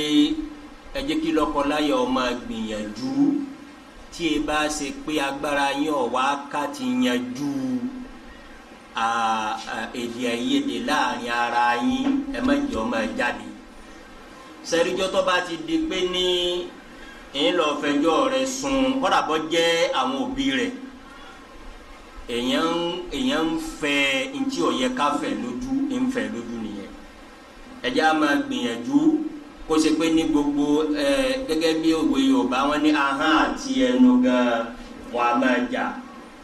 ẹ jẹ́ kí lọ́kọláya ọmọ gbìyànjú tí e bá ṣe pé agbára yín ọ̀wá ká ti yanjú èdè àìyedè láàrin ara yín ẹ má jẹ́ ọmọ jáde sẹ́ríjọ́ tó bá ti di pé ní ń lọ sùn kọ́dà bọ́ àwọn òbí rẹ̀ èèyàn èèyàn ń fẹ́ ntí ó yẹ lójú ń fẹ́ lójú nìyẹn ẹjẹ a máa gbìyànjú kó ṣe pé ní gbogbo ẹ gẹ́gẹ́ bí òwe Yorùbá wọn ní àti ẹnu gan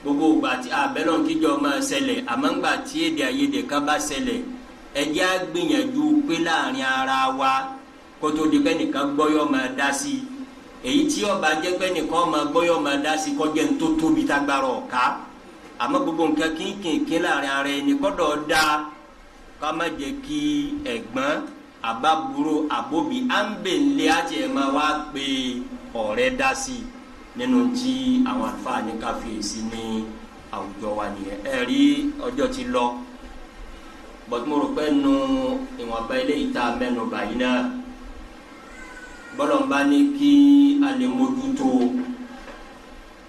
gbogbo ìgbà tí abẹ́lọ̀ kíjọ máa ṣẹlẹ̀ àmọ́ ńgbà tí èdè àìyedè kan bá ṣẹlẹ̀ ẹjẹ́ á gbìyànjú pé láàrin ara wa kótó di pé nìkan gbọ́yọ̀ máa dá sí i èyí tí ọba jẹ́ pé nìkan máa gbọ́yọ̀ máa dá sí kọjá tó tóbi tágbára àmọ́ gbogbo nǹkan kínkìnkín láàrin ara ẹni kọ́dọ̀ da ká má jẹ́ kí ẹ̀gbọ́n àbábúrò àbóbi à ń bè lé àti ẹ̀ máa wá pé ọ̀rẹ́ dá sí i nínú tí àwọn àǹfààní ká fèsì ní àwùjọ wa nìyẹn ẹ rí ọjọ́ ti lọ bọ́tú mo rò pé nu ìwọ̀nba ilé ìta mẹ́nu báyìí náà bọ́lọ̀ ń bá ní kí a lè mójútó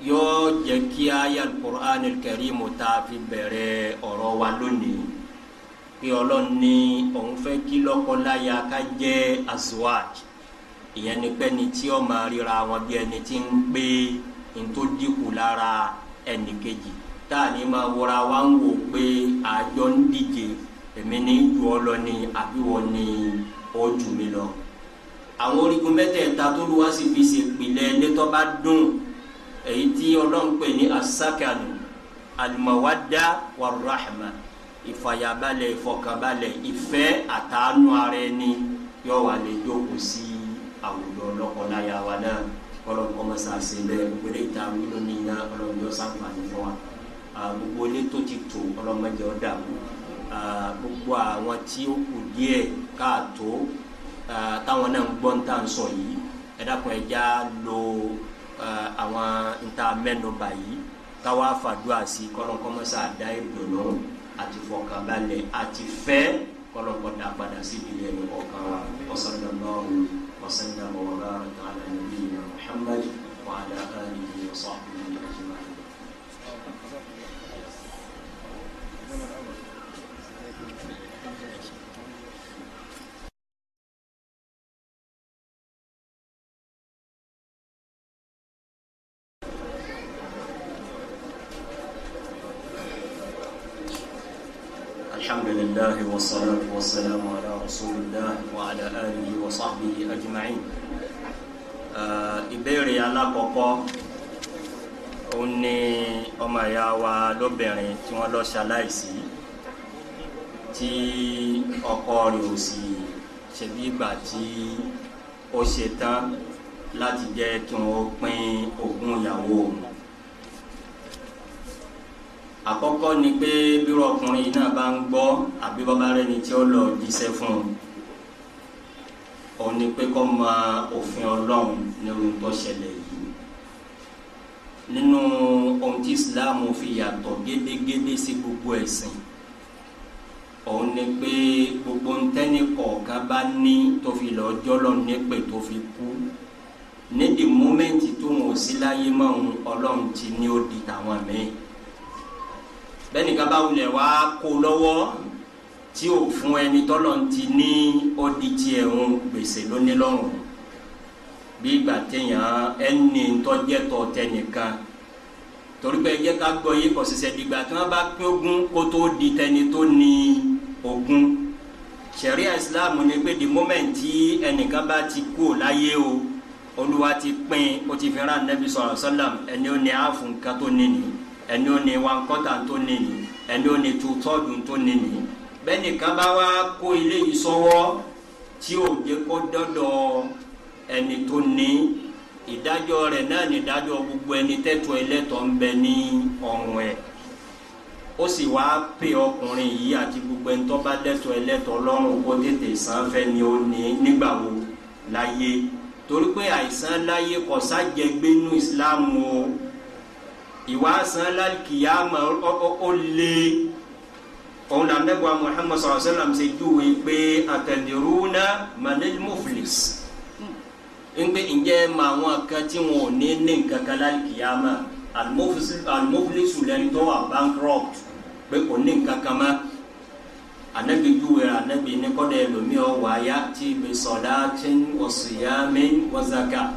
yóò jẹ́ kí aya alukur'an kẹrìmù tá a fi bẹ̀rẹ̀ ọ̀rọ̀ wa lónìí pé ọlọ́run ní òun fẹ́ kí lọ́kọláya ká jẹ́ azwaj ìyẹn ni pé ni tí ó máa ríra wọn bí ẹni tí ń gbé ní tó dínkù lára ẹnì kejì tá a ní máa wọra wa ń wò pé àjọ ń díje èmi ní ju ọ ni àbí wọn ni ó jù mí lọ àwọn orígun mẹ́tẹ̀ẹ̀ta tó lù wá sí fi ṣèpìlẹ̀ létọ́ bá dùn èyí tí ọlọ́run pè ní asakanu alimawada warahma ìfàyàbalẹ̀ ìfọkànbalẹ̀ ìfẹ́ àtàánú ara ẹni yọ wà lè jókòó sí àwùjọ lọ́kọ̀láyà wa náà ọlọ́run kọ́ mọ́sá sí bẹ́ẹ̀ gbogbo ilé ìta wílò ní iná ọlọ́run yọ sáfàní fún wa gbogbo ilé tó ti tò ọlọ́mọdé ọ̀dà mú gbogbo àwọn tí ó kù díẹ̀ káàtó táwọn náà ń gbọ́ ń tà ń sọ yìí ẹ dákun ẹ já lo. Eh, àwọn níta mẹ́nuba yìí káwá fàdúrà sí kọ́lọ́kọ́mọ́sá àdá ìdùnnú àti fọkànbalẹ̀ àti fẹ́ kọ́lọ́kọ́dà padà síbi ẹnu ọ̀kan wa wasalaamu wasalaamu wa baraka ala nabiyina muhammad wa ala alihi wa sahbihi. والصلاة والسلام على رسول الله وعلى آله وصحبه أجمعين ìbéèrè alákọ̀ọ́kọ́ ó ní ọmọ ìyá wa lóbìnrin tí wọ́n lọ ṣaláìsí tí ọkọ rẹ̀ ò sì ṣe bí ìgbà tí ó ṣe tán láti jẹ́ kí wọ́n pín ogún ìyàwó òun àkọ́kọ́ ni pé bírọ̀ ọkùnrin yìí náà bá ń gbọ́ àbí bàbá rẹ̀ ni tí ó lọ jíṣẹ́ fún un òun ni pé kọ́ mọ òfin ọlọ́run ní ohun tó ṣẹlẹ̀ yìí nínú ohun tí Islam fi yàtọ̀ gédégédé sí gbogbo ẹ̀sìn òun ni pé gbogbo ntẹ́ni kọ̀ọ̀kan bá ní tó fi lọ jọ́lọ́ nípè tó fi kú ní di mọ́mẹ́ǹtì tó wọn ò sí láyé mọ́ ọlọ́run ti ní ó di tàwọn mẹ́rin bẹ́ẹ̀ni kaba wulẹ̀ wá kó lọ́wọ́ tí o fún ẹni tọ́lọ̀ ti ní ọ́dí tiẹ̀ ń gbèsè lónìí lọ́rùn bí ìgbà téèyàn ẹni tọ́jẹ́tọ̀ tẹnìkan torí pé ẹjẹ́ ká gbọ́ yé kọ̀ ṣẹ̀ṣẹ̀ dìgbà tí wọ́n bá pín ogún kó tó di tẹni tó ní ogún ṣẹ̀ríà Islam ni pé the moment tí ẹnìkan bá ti kú láyé o olúwa ti pín o ti fi rán anabi sọ̀rọ̀ sọ́làm ẹni ó ní àáfù nǹkan tó ẹni ó ní one quarter tó ní ní ẹni ó ní two third tó ní ní bẹ́ẹ̀ nìkan bá wá kó ilé yìí sọ́wọ́ tí ò jẹ́ kó dọ́dọ̀ ẹni tó ní ìdájọ́ rẹ̀ náà ní ìdájọ́ gbogbo ẹni tẹ́tọ́ ẹlẹ́tọ̀ọ́ ń bẹ ní ọ̀rùn ẹ̀ ó sì wá pè ọkùnrin yìí àti gbogbo ẹni tó bá dẹ́tọ̀ ẹlẹ́tọ̀ọ́ lọ́rùn kó tètè san fẹ́ ni ó ní nígbà wo láyé torí pé àìsàn láyé kọ̀sájẹgbénú ìsìláàmù o ìwà san lálkìyàmà ó lé òun là nẹ́gbà muhammad sallallahu alayhi wa sallam ṣe júwe pé àtẹ̀dẹ̀rúnà manil muflis hmm. ń pè ǹjẹ́ mà àwọn kan tí wọn ò ní ní nǹkan lálkìyàmà al-muflis lẹni tó bankrupt pé kò ní nǹkan kan mọ́ anabi júwe anabi ní kọ́dọ̀ ẹlòmíì ọ̀ wáyà tí bi salatin wa siyamin wa zakat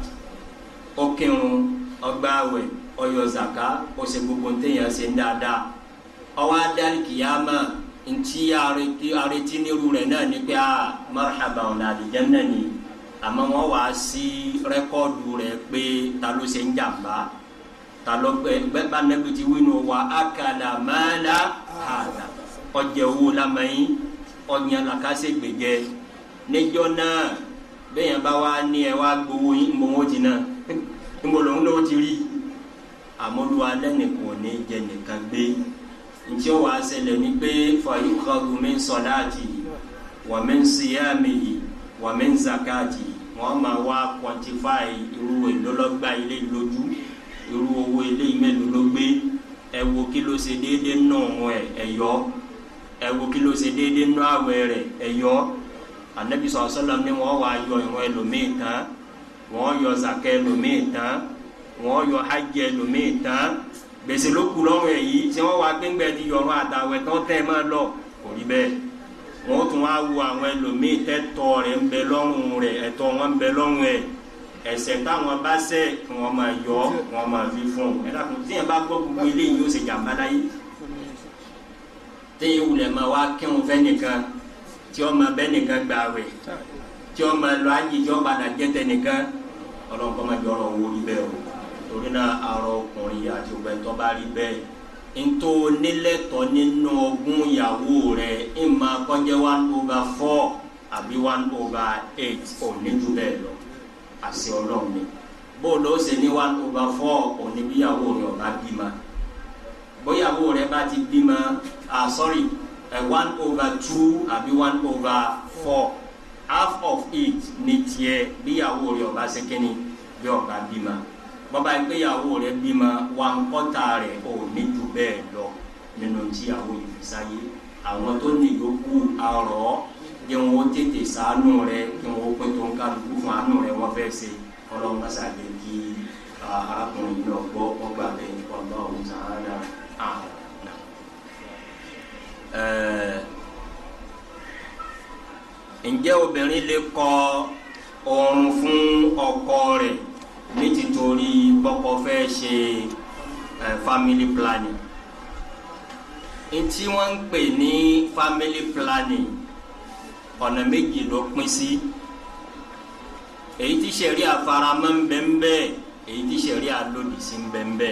ó kírun ọgbà àwẹ̀ ọyọ zaka ọsẹ gbogbo ntẹ̀yàn ṣe ń dáadáa ọwọ́ adáli kìyàmà ntí arètí nírú rẹ̀ náà ní pé ah marhaba ọ̀nà àlìjẹ́nà ni àmọ́ wọ́n wá sí rẹ́kọ́ọ̀dù rẹ̀ pé ta ló ṣe ń jàmbá ta ló pé bá nẹ́bi ti wí nù wá akala mala hàdà ọjẹ́ owó lamẹ́yìn ọ̀yàn làkàṣe gbèjẹ níjọ́ náà bẹ́ẹ̀ yẹn bá wá ní ẹ wá gbowó yín mọ́wó jìnnà níbo lòun náà ti rí àmọ́lúwa lẹ́nìkan ní jẹ nìkan gbé ntí ó wàá ṣẹlẹ̀ ní pé fayukhadhu min salati wa min siyami wa min zakati wọ́n máa wá quantify irú ìlọ́lọ́gba ilé lójú irú owó ilé mélòó ló gbé ẹ wo ṣe déédéé nù ọ̀hún ẹ wo kí ló ṣe déédéé nù àwẹ̀ rẹ̀ ẹ̀yọ́ anabi sallallahu alaihi ni wọ́n wá yọ ìwọ̀n ẹlòmíì tán wọ́n yọ zakẹ́ lomii tán wọ́n yọ hajj lomii tán gbèsè ló kù lọ́rùn ẹ̀ yìí tí wọ́n wá gbẹ́ngbẹ́ di yọrùn àtàwẹ̀ tán tẹ́ máa lọ kò rí bẹ́ẹ̀ wọ́n tún wá wo àwọn ẹlòmíì tẹ́tọ́ rẹ̀ ń bẹ lọ́rùn rẹ̀ ẹ̀tọ́ wọn ń bẹ lọ́rùn ẹ̀ ẹ̀ṣẹ̀ táwọn bá ṣẹ̀ kí wọ́n máa yọ wọ́n máa fi fún un ẹ̀dá kun tíyẹn bá gbọ́ gbogbo eléyìí yóò ṣe jàmbá láyé téyìn wulẹ̀ máa wá kírun fẹ́ nìkan tí wọ́n máa bẹ́ nìkan gbà rẹ̀ tí wọ́n máa lọ ájì tí wọ́n padà jẹ́ tẹnìkan ọlọ́run kọ́ máa jọ ọ̀rọ̀ owó rí o torí náà arọ ọkùnrin àti obìnrin tó bá rí bẹ́ẹ̀ ntó nílẹ̀tọ̀ nínú ogún ìyàwó rẹ̀ ìmọ̀ akọ́jẹ́ one over four àbí one over eight ò ní jù bẹ́ẹ̀ lọ àṣẹ ọlọ́run ni bóòlù ó sì ní one over ò ní bí ìyàwó rẹ̀ ọ̀bá bímọ bóyàwó rẹ̀ bá ti bímọ ah sorry eh, one over two àbí one over four half of it ní tiẹ̀ bíyàwó rẹ̀ ọba sẹ́kẹ́ni bí ọba bímọ bọ́ba ìgbéyàwó rẹ̀ bímọ wà ń kọ́ta rẹ̀ ò ní jù bẹ́ẹ̀ lọ nínú tíyàwó ìfìsáyé àwọn tó ní yòókù àrọ̀ kí wọn tètè sànù rẹ kí wọn pín tó ń kálukú fún àánú rẹ wọn fẹ́ ṣe ọlọ́run bá ṣàlẹ̀ kí arákùnrin náà gbọ́ ọgbà bẹ́ẹ̀ ọlọ́run sàn án náà ǹjẹ́ obìnrin lè kọ oorun fún ọkọ rẹ̀ ní títorí bọ́kọ fẹ́ ṣe family planning ntí wọ́n ń pè ní family planning ọ̀nà méjì ló pín sí èyí tí sẹ̀rí àfaramọ́ ń bẹ ń bẹ èyí tí sẹ̀rí àlòdì sí ń bẹ ń bẹ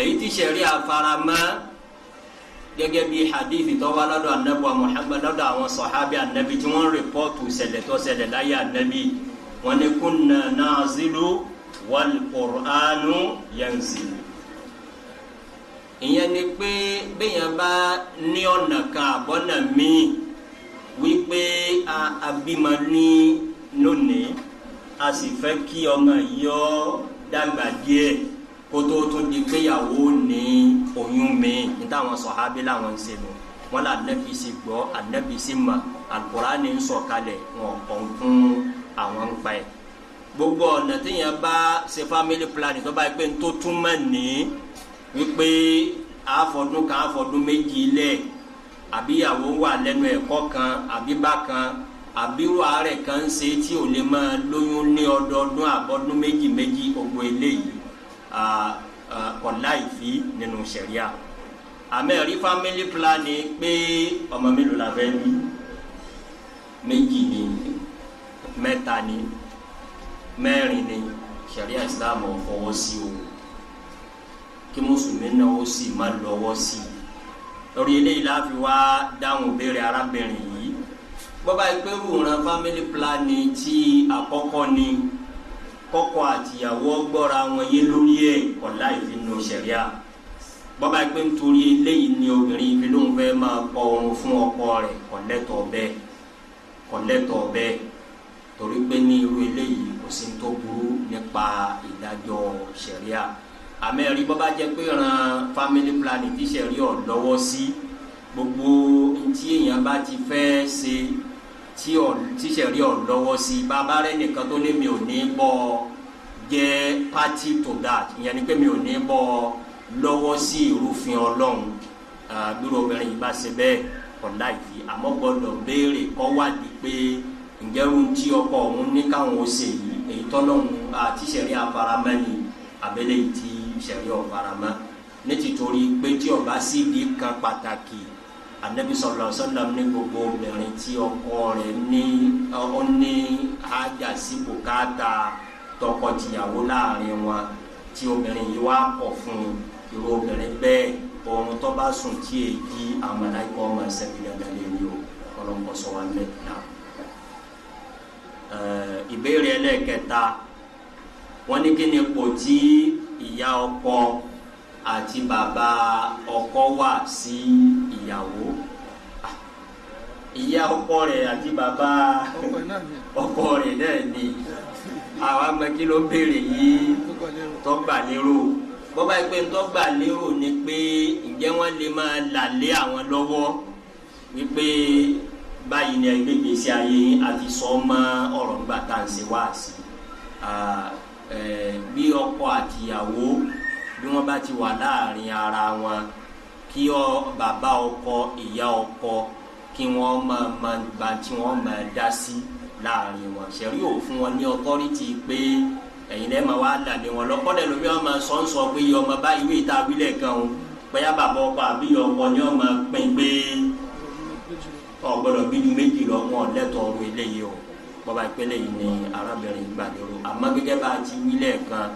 èyí tí sẹ̀rí àfaramọ́ gẹ́gẹ́ bí hadithi tó wà lọ́dọ̀ anabi wa muhammad lọ́dọ̀ àwọn sọ̀hábì anabi tí wọ́n rìpọ́tù ṣẹlẹ̀ tó ṣẹlẹ̀ láyé anabi wọn ni kunna nazilu wal qur'anu yanzilu. ìyẹn ni pé bẹ́yẹn bá ní ọ̀nà kan àbọ̀nà míì wípé abímọ ní lónìí a sì fẹ́ kí ọmọ yìí dàgbà díẹ̀ kótó tó di péyàwó ní oyún mi ní táwọn sọ̀hábí làwọn ń ṣe nù wọn là nẹ́bí sí gbọ́ ànẹ́bí sí mà Al-Kùránì sọ̀kalẹ̀ wọn kàn fún àwọn ń pa ẹ̀ gbogbo ọ̀nà téèyàn bá ṣe family planning tó bá yẹ pé ń tó túmọ̀ ní wípé àfọdún kan àfọdún méjì lẹ̀ àbíyàwó wà lẹ́nu ẹ̀kọ́ kan àbíbá kan àbírò àárẹ̀ kan ń ṣe tí ò lè máa lóyún ní ọdọọdún àbọ̀dún méjì méjì ògbó eléyìí kọ̀láìfì nínú sẹ̀ríà àmẹ́rí family planning pé ọmọ mélòó la fẹ́ bí méjì ni mẹ́ta ni mẹ́rin ni sẹ̀ríà islam fọwọ́ sí o kí mùsùlùmí náà ó sì má lọ́wọ́ sí i lórí eléyìí la wá dáhùn béèrè arábìnrin yìí bọ́bá ìpérù ran family planning tí àkọ́kọ́ ni kọ́kọ́ àtìyàwó gbọ́ra wọn yé lórí ẹ̀ kọ̀lá ìfinu sẹ̀ríà bọ́bá pé nítorí eléyìí ni obìnrin ibi ló ń fẹ́ máa pọ oorun fún ọkọ rẹ̀ kọ̀lẹ́tọ̀ bẹ́ẹ̀ kọ̀lẹ́tọ̀ bẹ́ẹ̀ torí pé ní irú eléyìí kò sí tó burú nípa ìdájọ́ sẹ̀ríà àmẹ́rí bọ́bá jẹ́ pé ran family planning tí sẹ̀ríà lọ́wọ́ sí gbogbo ntí èèyàn bá ti fẹ́ ṣe tí ọ tíṣẹ̀ rí ọ lọ́wọ́ sí i bàbá rẹ nìkan tó ní mi ò ní bọ́ jẹ́ party to that ìyẹn ni pé mi ò ní bọ́ lọ́wọ́ sí ìrúfin ọlọ́run àbúrò obìnrin yìí bá ṣe bẹ́ẹ̀ ọ̀la yìí àmọ́ gbọ́dọ̀ béèrè kọ́ wádìí pé ǹjẹ́ ohun tí ọkọ òun ní káwọn ó ṣe yìí èyí tọ́lọ́hún tíṣẹ̀rí afaramẹ́ ni abẹ́lẹ́ yìí tíṣẹ̀rí ọ̀faramẹ́ ní títorí pé tí ọba sì di kan pàtàkì anabi sọlọ sọlọ ní gbogbo obìnrin tí ọkọ rẹ̀ ní ọ ní hájà sí bùkátà tọkọtìyàwó láàrin wọn tí obìnrin yìí wá kọ̀ fún irú obìnrin bẹ́ẹ̀ ohun tó bá sùn tí èyí àwọn aláìkọ ọmọ ẹsẹ fi dandan lè ní o ọlọpàá wa mẹ náà. ìbéèrè ẹlẹ́ẹ̀kẹta wọ́n ní kí ni kò tí ìyá ọkọ àti bàbá ọkọ wà sí ìyàwó ìyá ọkọ rẹ̀ àti bàbá ọkọ rẹ̀ náà ni àwa mọ kí ló béèrè yìí tọgbà lérò bọ́bá yìí pé tọgbà lérò ni pé ǹjẹ́ wọ́n lè máa làlẹ́ àwọn lọ́wọ́ wípé báyìí ni ẹgbẹ́ gbèsè ayé àti sọ́mọ ọ̀rọ̀ ńgbà tá à ń ṣe wá sí bí ọkọ àtìyàwó bí wọ́n bá ti wà láàrin ara wọn kí ọ bàbá ọkọ ìyá ọkọ kí wọ́n máa máa gba tí wọ́n máa dá sí láàrin wọn ṣẹ̀rí ò fún wọn ní ọtọ́rìtì pé ẹ̀yin lẹ́ẹ̀ máa wá dàbí wọn lọ́kọ́ dẹ̀ lómi ọmọ sọ́nsọ pé iye ọmọ bá ìwé ìta wílẹ̀ kan o bóyá bàbá ọkọ àbí ọkọ ni ọmọ pín pé ọgbọ́dọ̀ bí ju méjì lọ wọn lẹ́tọ̀ọ́ ọ̀rọ̀ eléyìí o bọ́ba ìpínlẹ̀ yìí ni arábìnrin gbàdúró àmọ́ gẹ́gẹ́ bá ti wílẹ̀ kan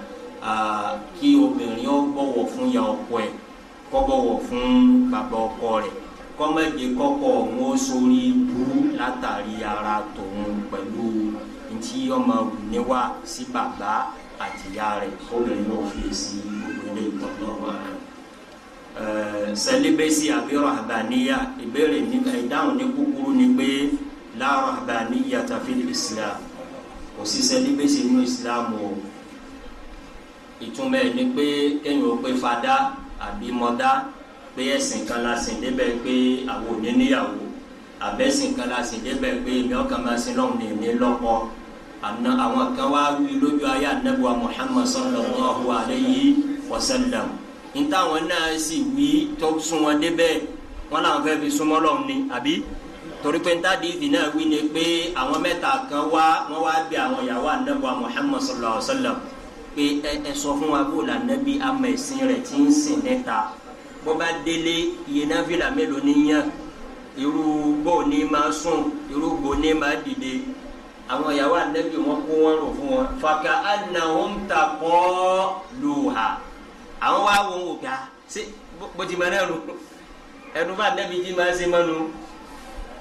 kí obìnrin ó bọ̀wọ̀ fún ya ọkọ ẹ̀ kó bọ̀wọ̀ fún bàbá ọkọ rẹ̀ kọ́mẹ́jẹ kọ́kọ́ òun ó sórí bú látàrí ara tòun pẹ̀lú ntí ọmọ níwá sí bàbá àtìyá rẹ̀ obìnrin ó fi sí gbogbo ìtọ́jú ọmọ rẹ̀ sẹlẹbẹsì àbí rahabaniya ìbéèrè ìdáhùn ní kúkúrú ni pé la rahabaniya tàfi islam kò sí sẹlẹbẹsì nínú islam o ìtumọ̀ ẹ̀ ni pé kéèyàn ó pé fada àbí mọ́dá pé ẹ̀sìn kan la sìn débẹ̀ pé àwọn ò ní níyàwó àbẹ́sìn kan la sìn débẹ̀ pé èmi ọkàn máa sin lọ́hùn ní èmi lọ́pọ̀ àná àwọn kan wá wí lójú ayé anabiwa Muhammad sallallahu alayhi wa sallam ntàwọn náà sì wí tó sún wọn débẹ̀ wọn làwọn fẹ́ fi súnmọ́ lọ́hùn ni àbí torí pé ntàdíìsì náà wí ni pé àwọn mẹ́ta kan wá wọ́n wá gbé àwọn ìyàwó anabiwa Muhammad sallallahu alayhi sallam pé ẹ sọ fún wa bó la nẹ́bí ama ẹ̀sìn rẹ̀ ti ń sìn níta bó bá délé iye náfìlà mélòó ní yàn irú bó ní máa sùn irú bó ní máa dìde àwọn ìyàwó ànẹ́bí wọn kó wọn rò fún wọn fàkà ànàwọn ta kọ́ lù hà àwọn wá wọn wò ga ṣé bó ti máa náà lò ẹnu bá ànẹ́bí ti máa ṣe mọ́nu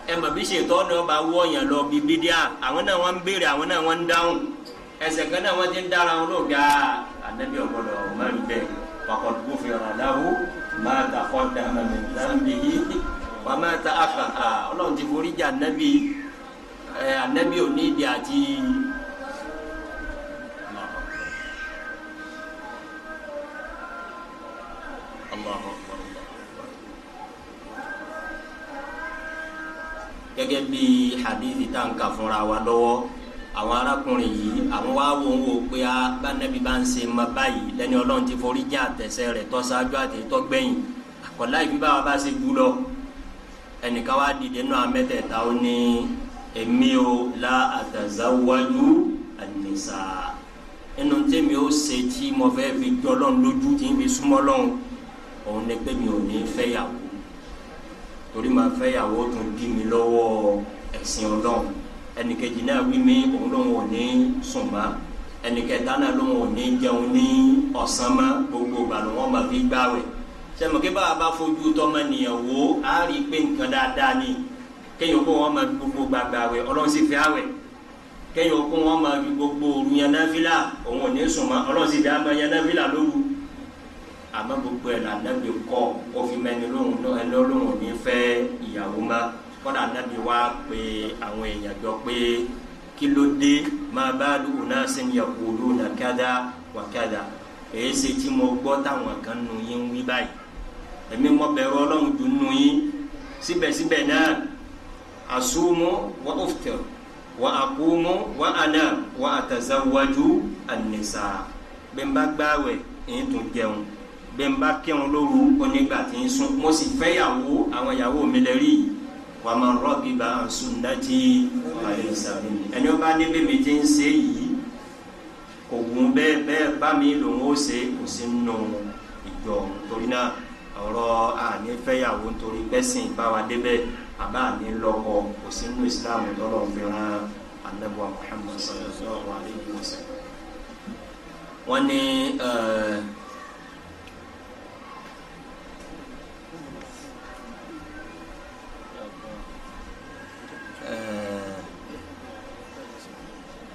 ẹ mọ̀ bí ṣètò ọ̀nà ọba wọ̀nyàn lọ bíbí díà àwọn náà wọ́n ń béèrè àwọn náà wọ́n ń dáhùn ẹsẹ̀ kan náà wọ́n ti ń dára wọn lóògbé ànábì ọ̀gbọ́dọ̀ ọ̀mọ́rin bẹ́ẹ̀ pàkọ́dùkú fi ọ̀rọ̀ àdáwó máa ta kọ́ńdà àmì láǹbì yìí wọ́n máa ta àkà ọlọ́run ti forí jẹ́ ànábì ànábì onídìí àti. gẹ́gẹ́ bí hadithi tá n kà fúnra wa lọ́wọ́ àwọn arákùnrin yìí àwọn wá wo wo pé a ah, bá nẹ́bí bá ń ṣe mọ báyìí lẹ́ni ọlọ́run ti forí jẹ́ àtẹ̀sẹ̀ rẹ̀ tọ́sájú àtẹ̀tọ́ gbẹ̀yìn àkọ́lá ìfi báwa bá ṣe bú lọ ẹnìkan wá dìde náà amẹ́tẹ̀ẹ̀ta ó ní èmi ò la àtàzáwájú ànìsà inú tèmi ó ṣe tí mo fẹ́ fi jọ ọlọ́run lójú tí n fi súnmọ́ ọlọ́run òun ni pé mi ò ní fẹ́yàwó torí màá fẹ́yàwó tún dí mi lọ́wọ́ ẹ̀sìn ọlọ́run ẹnìkejì náà wí mí òun ló ń wò ní sùnmọ́ ẹnìkẹta náà ló ń wò ní jẹun ní ọ̀sán mọ́ gbogbo ìgbà ló wọ́n máa fi gbáwẹ̀ sẹ́mi kí bá a bá fojú tọ́mọ nìyẹn wò á rí i pé nǹkan dáadáa ni kéèyàn kó wọn máa gbogbo gbàgbà wẹ̀ ọlọ́run sì fi àwẹ̀ kéèyàn kó wọn máa gbogbo òru òun ò ní sùnmọ́ ọlọ́run sì fi àmọ́ yẹn lóru àmọ́ gbogbo ẹ̀ lànà bí kọ́ kó fi mẹ́ni lóhùn lóhùn ní fẹ́ ìyàwó kọ́dà nàbí wa pé àwọn èèyàn jọ pé kí ló dé máa bá lóhùn náà sí yàgòló nà kádà wà kádà èyí ṣe tí mo gbọ́ táwọn kan nù yín wí báyìí èmi mo bẹ̀rù ọlọ́run jù nù yín síbẹ̀síbẹ̀ náà asumu wa uftir wa akumu wa anam wa atazawaju anisa bẹ́ẹ̀ bá gbààwẹ̀ èyí tún jẹun bẹ́ẹ̀ bá kírun lóru onígbà tí ń sùn mo sì fẹ́ yàwó àwọn ìyàwó mi lẹ́rìí wa man ragiba an sunnati falaysa minni ẹni ó bá ní bèbè tí ń ṣe yìí kò gùn bẹ́ẹ̀ bẹ́ẹ̀ bá mi lòun ó ṣe kò sí nù ìjọ torí náà ọ̀rọ̀ àní fẹ́yàwó nítorí pẹ́sìn báwa débẹ̀ àbá àní lọ́kọ kò sí nù ìsìláàmù tọ́lọ̀ fìràn anabuwa Muhammad sallallahu alayhi wa sallam wọ́n ní ẹ̀ẹ́. Eh,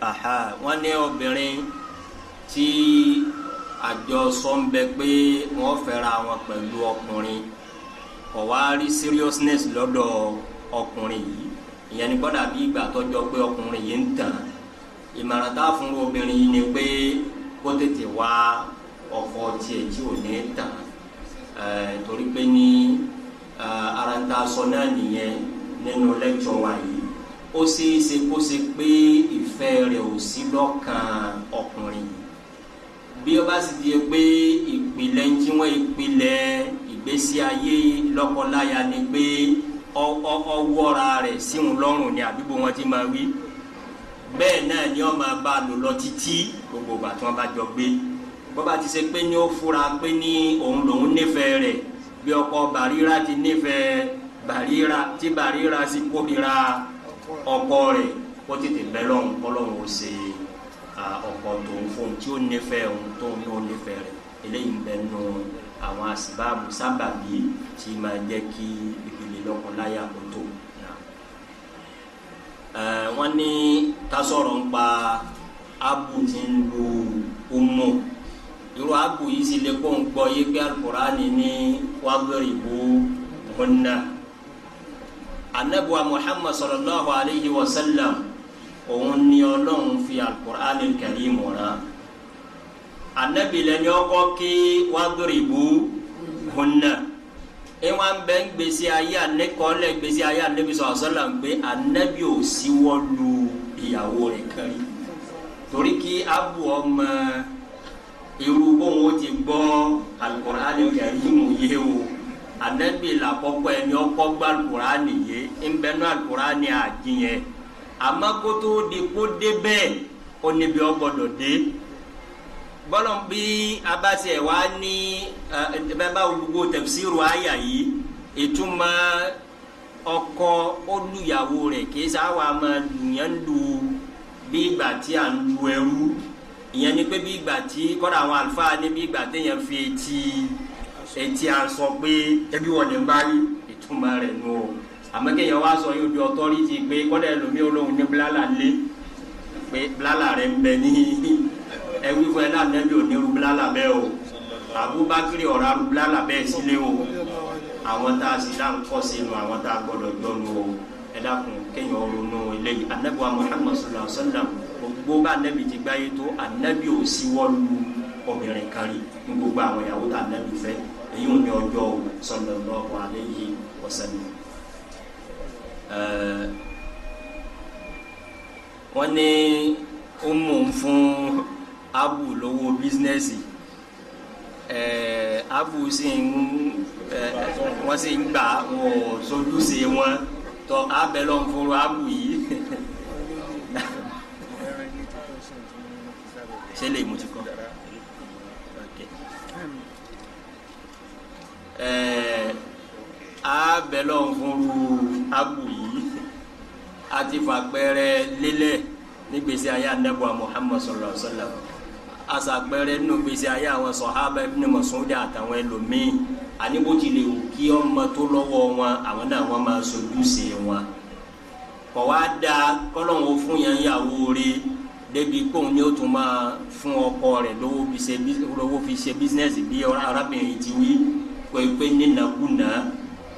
aha wọn ní obìnrin tí àjọ sọ ń bẹ pé wọn fẹ́ra wọn pẹ̀lú ọkùnrin kò wá rí seriousness lọ́dọ̀ ọkùnrin yìí ìyẹn ni gbọ́dọ̀ bí ìgbà tọ́jọ́ pé ọkùnrin yìí ń tàn ìmọ̀ràn tá a fún obìnrin yìí ni pé kó tètè wá ọkọ tiẹ̀ tí ò ní tàn eh, torí pé ní eh, ara ń ta sọ náà nìyẹn nínú lẹ́kṣọ̀ wa yìí ó ṣeé ṣe kó ṣe pé ìfẹ́ rẹ̀ ò sí lọ́kàn ọkùnrin bí ó bá sì di pé ìpìlẹ̀ tí wọ́n ìpìlẹ̀ ìgbésí ayé lọ́kọláya ni pé ọwọ́ra rẹ̀ síhun lọ́rùn ni àbí bó wọn ti máa wí bẹ́ẹ̀ náà ni wọ́n máa bá lò lọ títí gbogbo ìgbà tí wọ́n bá jọ gbé bó bá ti ṣe pé ní ó fura pé ní òun lòun nífẹ̀ẹ́ rẹ̀ bí ọkọ bàríra ti nífẹ̀ẹ́ bàríra tí bàríra sì kórira ọkọ rẹ̀ kó tètè bẹ lọ́hùn kọ́lọ́hùn ó ṣe ọ̀pọ̀ tòun fóun tí ó nífẹ̀ẹ́ òun tóun ní ó nífẹ̀ẹ́ rẹ̀ eléyìí ń bẹ nù àwọn àsìbáàbù sábàbí tí máa jẹ́ kí ìpìlẹ̀ lọ́kàn láyà kó tó. wọ́n ní ká ń pa abu ti ń lo omo irú abu yìí sì lè kó ń gbọ́ yé pé alukurani ní wàá bẹ̀rẹ̀ ìbò mọ́nà anabuwa muhammad sallallahu alayhi wa sallam òun ni ọlọ́run fi alukur'an karim rán anabi lẹni ọkọ kí waduribu hunna ìwà ń bẹ ń gbèsè ayé anẹkọọlẹ gbèsè ayé anabi sọlá sọlá ń gbé anabi ò síwọ́ lu ìyàwó rẹ̀ kari torí kí abu ọmọ irú bóun ó ti gbọ́ alukur'an karim yé o anabi la kọ́kọ́ yẹ ni ọkọ gba alukurani ye nbẹnu alukurani a diɲɛ amakoto di ko de bɛɛ o nebi ọgbọdọ de bọlọn bi abasẹ wa ni ẹ bẹ bá olugbo tafsiru aya yìí ìtumọ̀ ọkọ olùyàwó rẹ̀ kéésà wà má lùyàn lu bí ìgbà tí a ń lu ẹrú ìyẹn ni pé bí ìgbà tí kọ́ra fi etí etí à ń sọ pé ẹbí wọn lè ń bá rí ìtumọ̀ rẹ̀ nù o àmọ́ kéèyàn wá sọ yóò di ọtọ́rìtì pé kọ́dà ẹlòmíì olóhùn ní blala lé pé blala rẹ̀ ń bẹ ní ẹwí fún ẹ náà nẹ́bí ò ní ru blala bẹ́ẹ̀ o Abubakar ọ̀rá ru blala bẹ́ẹ̀ sílé o àwọn tá a sì dá nǹkọ́ sínú àwọn tá a gbọ́dọ̀ gbọ́nu o ẹ dákun kéèyàn ronú eléyìí anabi wa Muhammad sallallahu alaihi wa sallam gbogbo bá anabi ti gbáyé tó anabi ò síwọ́ lu obìnrin kan rí gbogbo àwọn ìyàwó tá anabi fẹ́ èyí ń ní ọjọ́ sallallahu alayhi wa sallam. wọ́n ní ó mú un fún abu lówó bísínẹ́sì abu sì ń wọ́n sì ń gbà wọ́n sojúṣe wọn tọ́ abẹ́ lọ́n fún abu yìí. ṣé lè mú ti ẹẹ a bẹlẹ ọnfọru abu yìí a ti fa gbẹrẹ lélẹ̀ ní gbèsè ayé anabuwa muhammadu sallallahu alaihi wa sallam asa gbẹrẹ nínú gbèsè ayé àwọn sọhábà ibn Mas'ud àtàwọn ẹlòmíì àníbòjìlè òkè ọmọ tó lọ́wọ́ wọn àwọn náà wọn máa sojú sí wọn kọ wá da kọlọ́wọ́ fún yẹn yàwó rí débi kóun ni ó tún máa fún ọkọ rẹ̀ lówó fi ṣe bísínẹ́sì bí arábìnrin ti wí pépé nínàkúnà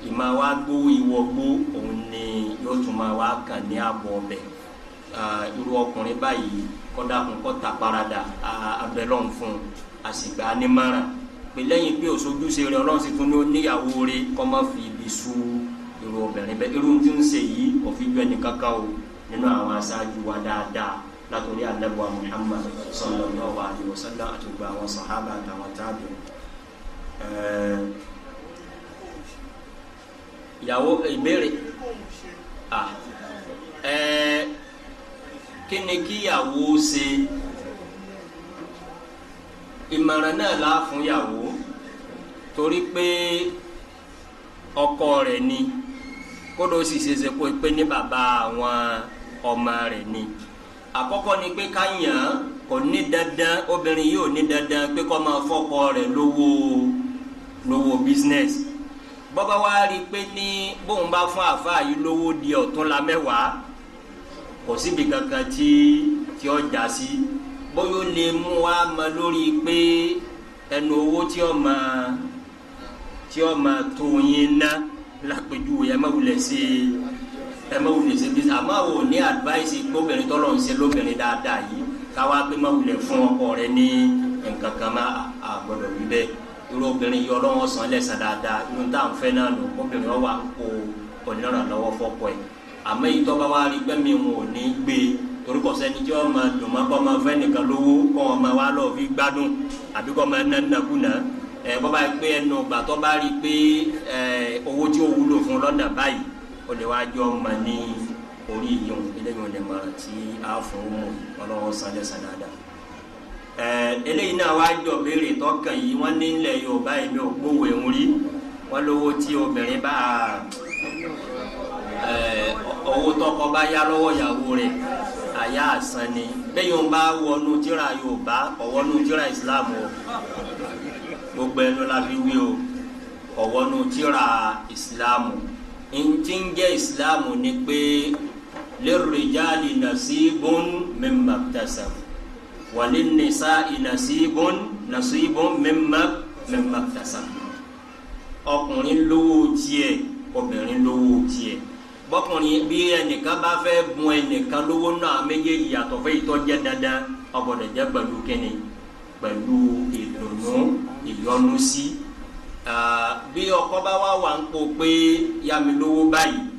ìmọ̀ wa gbó ìwọ gbó òun ni yóò tún máa wá kàn ní àbọ̀ ọbẹ̀ irú ọkùnrin báyìí kọ́dà kún kọ́ parada abẹ́lọ́n fún un àsìgbà nímọ̀ràn pé lẹ́yìn pé òṣojúṣe rẹ̀ ọlọ́run sì tún ní níyàwó rẹ̀ kọ́ má fi ibi su irú obìnrin bẹ́ẹ̀ irú tí ń ṣe yìí kò fi ju ẹnìkankan o nínú àwọn aṣáájú wa dáadáa látòrí ànábì wa Muhammad sallallahu alaihi wasallam àti gbogbo àwọn sàhábà àtàwọn tábìlì. Eh, ìyàwó eh, ìbéèrè eh, kí ni kíyàwó ṣe ìmọ̀ràn náà la fún yàwó torí pé ọkọ rẹ̀ ni kódó sì ṣeéṣe kó pé ní bàbá àwọn ọmọ rẹ̀ ni àkọ́kọ́ ni pé káyàn kò ní dandan obìnrin yìí ò ní dandan pé kó máa fọ́kọ rẹ̀ lówó o lówó business bọ́bá wa rí i pé ní bóun bá fún àfáà yìí lówó di ọ̀tún la mẹ́wàá kò síbi kankan tí tí ó já sí bóyá ó lè mú wa mọ lórí pé ẹnu owó tí ó mọ tí ó mọ tó yín ná lápẹjù ẹ má wulẹ̀ sí ẹ má wulẹ̀ sí bí àmọ́ ò ní advice gbóbìnrin tọ́lọ̀ ń ṣe lóbìnrin dáadáa yìí káwá pé má wulẹ̀ fún ọkọ rẹ ní nǹkan kan má àgbọ̀dọ̀ wí bẹ́ẹ̀ irú obìnrin yìí ọlọ́wọ́ san lẹ́sàn dáadáa irú tá à ń fẹ́ náà nù obìnrin ọwọ́ àpò onírànà lọ́wọ́ fọ́pọ̀ ẹ̀ àmọ́ èyí tọ́ bá wá rí gbẹ́mí wọn ò ní gbé e torí kọ̀ sẹ́ni tí wọ́n máa dùn máa kọ́ máa fẹ́ nìkan lówó kọ́ wọn máa wá lọ fi gbádùn àbí kọ́ máa nánàkúnà ẹ̀ bọ́ pé ẹnu ọgbà bá rí pé owó tí ó wúlò fún lọ́nà báyìí ó lè wáá jọ máa ní orí ìyọ̀n eléyìí ò tí a fún ọlọ́wọ́ sanlẹ̀ sàn eléyìí náà wá jọ béèrè tọkàn yìí wọn ní ilẹ̀ yorùbá yìí mi ò gbówó ẹ̀hún rí wọn lówó tí obìnrin bá owó tọkọ bá yá lọ́wọ́ ìyàwó rẹ̀ àyà àsan ni bẹ́ẹ̀ yóò bá wọnú tíra yorùbá ọ̀wọ́nú tíra islam o gbogbo ẹnu la fi wí o ọ̀wọ́nú tíra islam ntí ń jẹ́ islam ni pé lérò ìjáde nàṣíbùn mimma iktasab wàlí nìsa ìnàsíbọn nàsíbọn mẹmà mẹmà tẹsán ọkùnrin lówó tiẹ̀ obìnrin lówó tiẹ̀ bọkùnrin bí ẹnìkan bá fẹ́ bùn ẹnìkan lówó náà méjèèjì yàtọ̀ fẹ́ ìtọ́jẹ́ dandan ọgbọ́dọ̀ jẹ́ pẹ̀lú kínní pẹ̀lú ìdùnnú ìyọnu sí ah, bí ọkọ bá wà wà ń pò pé yá lówó báyìí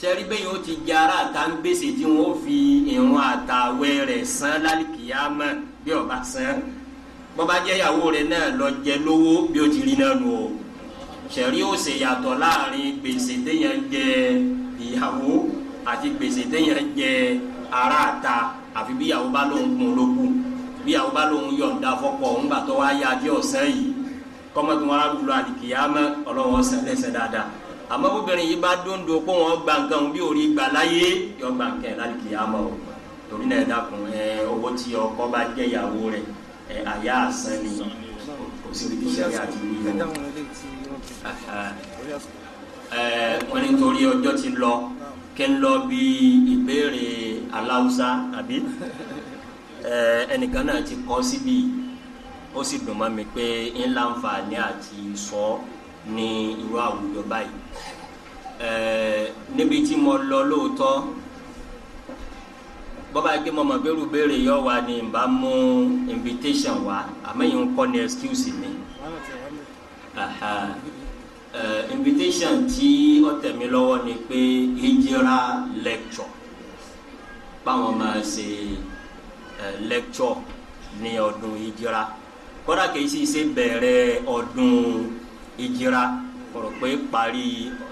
sẹ́rí bẹ́yìn ó ti jẹ́ ara àta ń gbèsè tí wọ́n fi ìrun àtàwẹ̀ rẹ̀ san lálìkìyàmọ̀ bí ọba san bọ́ba jẹ́ ìyàwó rẹ̀ náà lọ jẹ lówó bí ó ti rí náà nù o sẹ́rí ó ṣe yàtọ̀ láàrin gbèsè téèyàn jẹ ìyàwó àti gbèsè téèyàn jẹ ara àta àfi bí ìyàwó bá lóun kún lókun bí ìyàwó bá lóun yọ̀ǹda fọ́pọ̀ ńgbà wáyé adé ọ̀sán yìí kọ́mọ́tò wọn á lulọ àlìkìyàmọ̀ ọlọ́wọ́ sẹ́lẹ̀sẹ̀ dáadáa àmọ́ bóbìnrin yìí bá dóńdó pé wọ́n gba nǹkan bí orí gbà láyé yọ gba nǹkan ẹ̀ láti kìí àmọ́ o torí náà dàkún ẹ owó tí ọkọ bá jẹ́ ìyàwó rẹ ẹ àyà àsán ni kò sí ibi iṣẹ́ àti wí o ẹ wọ́n ní torí ọjọ́ ti lọ kí n lọ bí ìbéèrè aláwùsá àbí ẹnìkan náà ti kọ́ síbi ó sì dùn mọ́ mi pé ńlá ń fa ní àti sọ ní irú àwùjọ báyìí ẹ̀ẹ́ níbi tí mo lọ lóòótọ́ bọ́ba yìí pé mo mọ̀ bẹ́rù béèrè yọ wa ni n bá mú invitation wa àmọ́ yìí ń kọ́ ni excuse mi invitation tí ó tẹ̀mí lọ́wọ́ ni pé hijira lecture báwọn máa ṣe lecture ní ọdún hijira kódà kìí sì ṣe bẹ̀rẹ̀ ọdún ìjìra kọ̀rọ̀ pé parí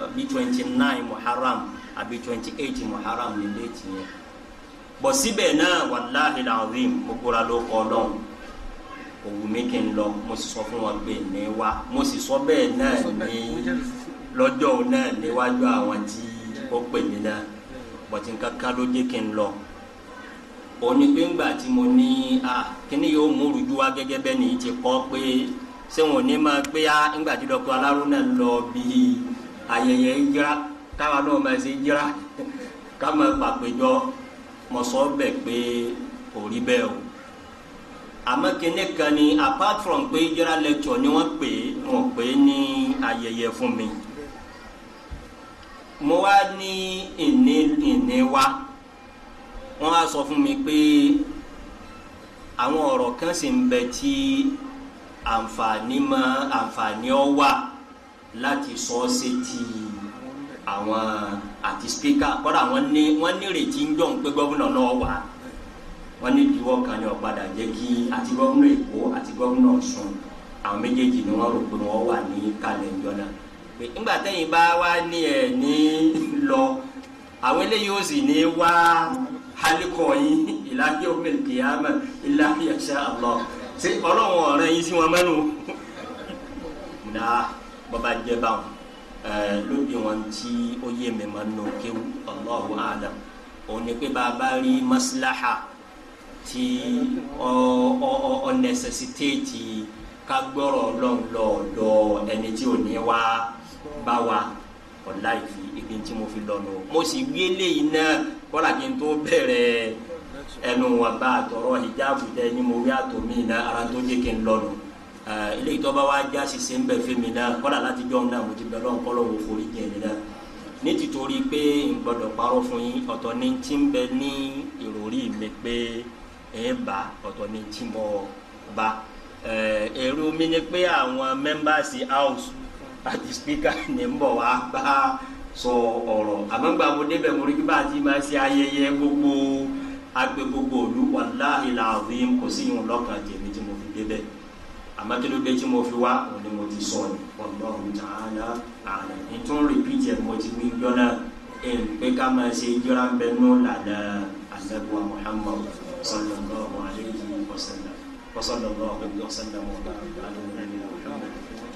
uh, bí twenty nine muharram àbí twenty eight muharram ní déètì yẹn bọ̀ síbẹ̀ náà wàláhi làwìn mo gbóra ló kọ́ lọ́hùn òwú mi kì í lọ mo sì sọ fún wọn pé ní wa mo sì sọ bẹ́ẹ̀ náà ní lọ́jọ́ náà níwájú àwọn tí ó pè mí náà bọ̀tí nǹkan kan ló jẹ́ kí n lọ òní pé ńgbà tí mo ní a kíní yóò múrùjú wa gẹ́gẹ́ bẹ́ẹ̀ ni ti kọ́ pé ṣé wọn ò ní máa gbé á ńgbà tí dọ́kítọ̀ alárúnà lọ bí ayẹyẹ yíra káwa náà máa ṣe yíra ká máa pàpéjọ mọ̀sọ́ bẹ̀ pé kò rí bẹ́ẹ̀ o àmọ́ kíní kan ni apart from pé yíra lecture ni wọ́n pè é wọ́n pè é ní ayẹyẹ fún mi mo wá ní ìní ìní wa wọ́n á sọ fún mi pé àwọn ọ̀rọ̀ kan sì ń bẹ tí àǹfààní mọ àǹfààní ọ wà láti sọ ọ sí ti àwọn àti spika kọ́dà wọ́n ní wọ́n nírètí ń jọ̀ ń pé gómìnà náà wà wọ́n ní ìdíwọ́ kan ní ọ̀padà jẹ́ kí àti gómìnà èkó àti gómìnà ọ̀ṣun àwọn méjèèjì ni wọ́n rò pé wọ́n wà ní kalẹ̀ ìjọ náà pé ńgbà tẹ́yìn bá wá ní ẹ̀ ní lọ àwọn eléyìí ó sì ní wá hálíkọ̀ yín ìlànà omi ìkìyàmẹ̀ ìlànà yasha Allah ṣé ọlọ́run ọ̀ràn yín sí wọn mẹ́nu na bọ́ba jẹ́ báwọn lóde wọn tí ó yé mi máa nù kéwù Allahu a'lam òun ni pé bàbá rí maslaha tí ọ ọ ọ nẹsẹsitéètì ká gbọ́rọ̀ ọlọ́run lọ́ọ̀dọ̀ ẹni tí ò ní wá bá wa ọ̀la ìfi ibi tí mo fi lọ́nu mo sì gbé eléyìí náà kọ́ra kí n tó bẹ̀rẹ̀ ẹnu wọn bá àtọ̀rọ̀ hijabu tẹ ni mo wí ara tó jẹ́ kí n lọ́nu wa já ṣiṣẹ́ ń bẹ̀ fẹ́mi náà kọ́lá láti jọ́ náà mo ti bẹ̀ lọ́n kọ́lọ́ forí jẹ́ mi náà ní tìtorí pé n parọ́ ni ń bẹ ní ìròrí mi pé ẹ bá ni bá house àti speaker ní ń bọ̀ wá bá sọ ọ̀rọ̀ àmọ́ gbàgbọ́ débẹ̀ mo agbe gbogbo òlu wàláhi làzim kò sí ìhun lọ́kàn tèmi tí mo fi débẹ̀ àmọ́ kí ló dé tí mo fi wá òun ni mo ti sọ ni wallahu ta'ala àlẹ́ ìtún rìpíìtì ẹ̀ mo ti wí jọ́nà ẹ̀ ń pé ká máa ṣe jọ́ra ń bẹ nù lànà àdàbọ̀ Muhammad sallallahu alayhi wa sallam wa sallallahu alayhi wa sallam wa baraka ala nabiyina Muhammad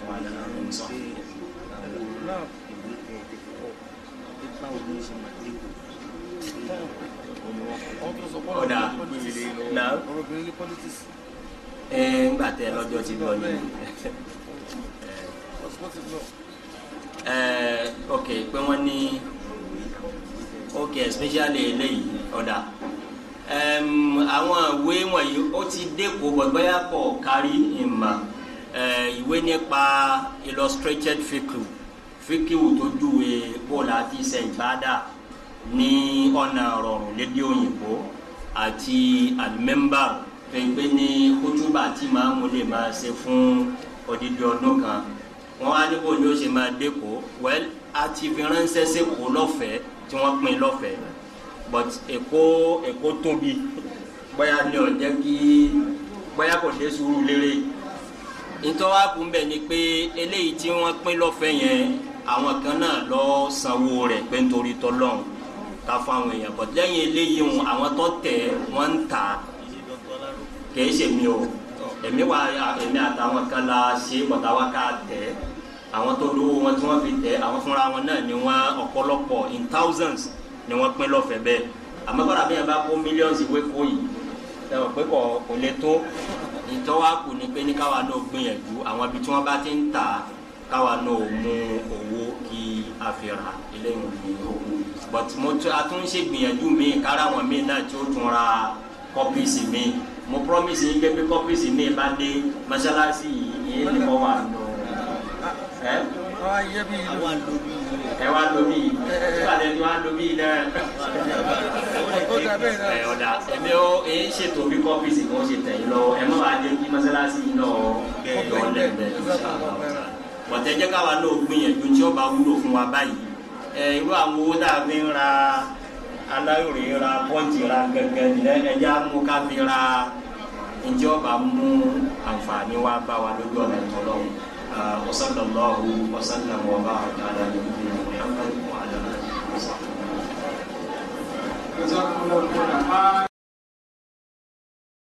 wa ala o wa sahbihi. Thank you ọ̀dà náà ẹ̀ ń gbà tẹ lọ́jọ́ tí lọ ní. ok pé wọ́n ní ok especially eléyìí ọ̀dà àwọn ìwé wọ̀nyí ó ti dẹ́kun gbọ̀gbọ́yà pọ̀ kárí ìmọ̀ ìwé nípa illustrated fikiru fikiru tó júwe bọ́ọ̀lù àti ìṣẹ̀ ìbádà ní ọ̀nà rọrùn lédè òyìnbó àti alimẹ́mbà fẹ́gbẹ́ ní kótóbà tí màá mo lè máa ṣe fún odidi ọdún kan wọ́n á ní kó ní ó ṣe máa dẹ́kọ̀ wẹ́l àti fi ránṣẹ́ lọ́fẹ̀ẹ́ tí wọ́n pín lọ́fẹ̀ẹ́ but èkó èkó tóbi bóyá ní ọ̀jẹ́ kí bóyá kò dé sùúrù lérè ntọ́wá kún bẹ́ẹ̀ ni pé eléyìí tí wọ́n pín lọ́fẹ̀ẹ́ yẹn àwọn kan náà lọ sanwó rẹ̀ pé nítorí tọ́lọ́run ká fún àwọn èèyàn bọ̀ lẹ́yìn eléyìí wọn àwọn tó tẹ̀ wọ́n ń tà kìí ṣe mi o èmi wa èmi àtàwọn kan la ṣe bọ̀tà ká tẹ̀ àwọn tó lówó wọn tí wọ́n fi tẹ̀ àwọn fúnra wọn náà ni wọ́n ọ̀pọ̀lọpọ̀ in thousands ni wọ́n pín lọ́fẹ̀ẹ́ bẹ́ẹ̀ àmọ́ kọ́ra bí yẹn bá kó millions ìwé kó yìí sẹ́wọ̀n pé kò kò lè tó ìtọ́wá kù ní pé ní káwa náà gbìyànjú àwọn ibi tí wọ́n bá ti ń tà káwa náà mú owó kí a fi ra eléyìí ní owó but mo tún a tún ṣe gbìyànjú mi kára àwọn mi náà tí ó tún ra kọ́pìsì mi mo promise yín pé bí kọ́pìsì mi bá dé mọ́ṣáláṣí yìí yín ni mo wà lọ. ẹ ẹ wá lóbi yìí nígbà tí ẹ wá lóbi yìí náà ẹ ọ̀dà ẹ̀mí ó ẹ ṣètò bí kọ́pìsì kan ṣe tẹ̀ yín lọ ẹ má wàá dé kí mọ́ṣáláṣí yìí náà kẹ́ ẹ yọ ọ́ lẹ́gbẹ̀ẹ́ bọ̀tẹ́jẹ́ káwa náà gbìyànjú tí ó bá wúlò fún wa báyìí irú àwọn owó tá a fi ń ra aláyòrè ra pọ́ǹtì ra gẹ́gẹ́ nílẹ̀ ẹja mú ká fi ra ǹjẹ́ ọba mú àǹfààní wa bá wa lójú ọ̀nà ìtọ́lọ́hún wasallallahu wasallam wa baraka ala nabiyina muhammad wa ala alihi wa sahbihi.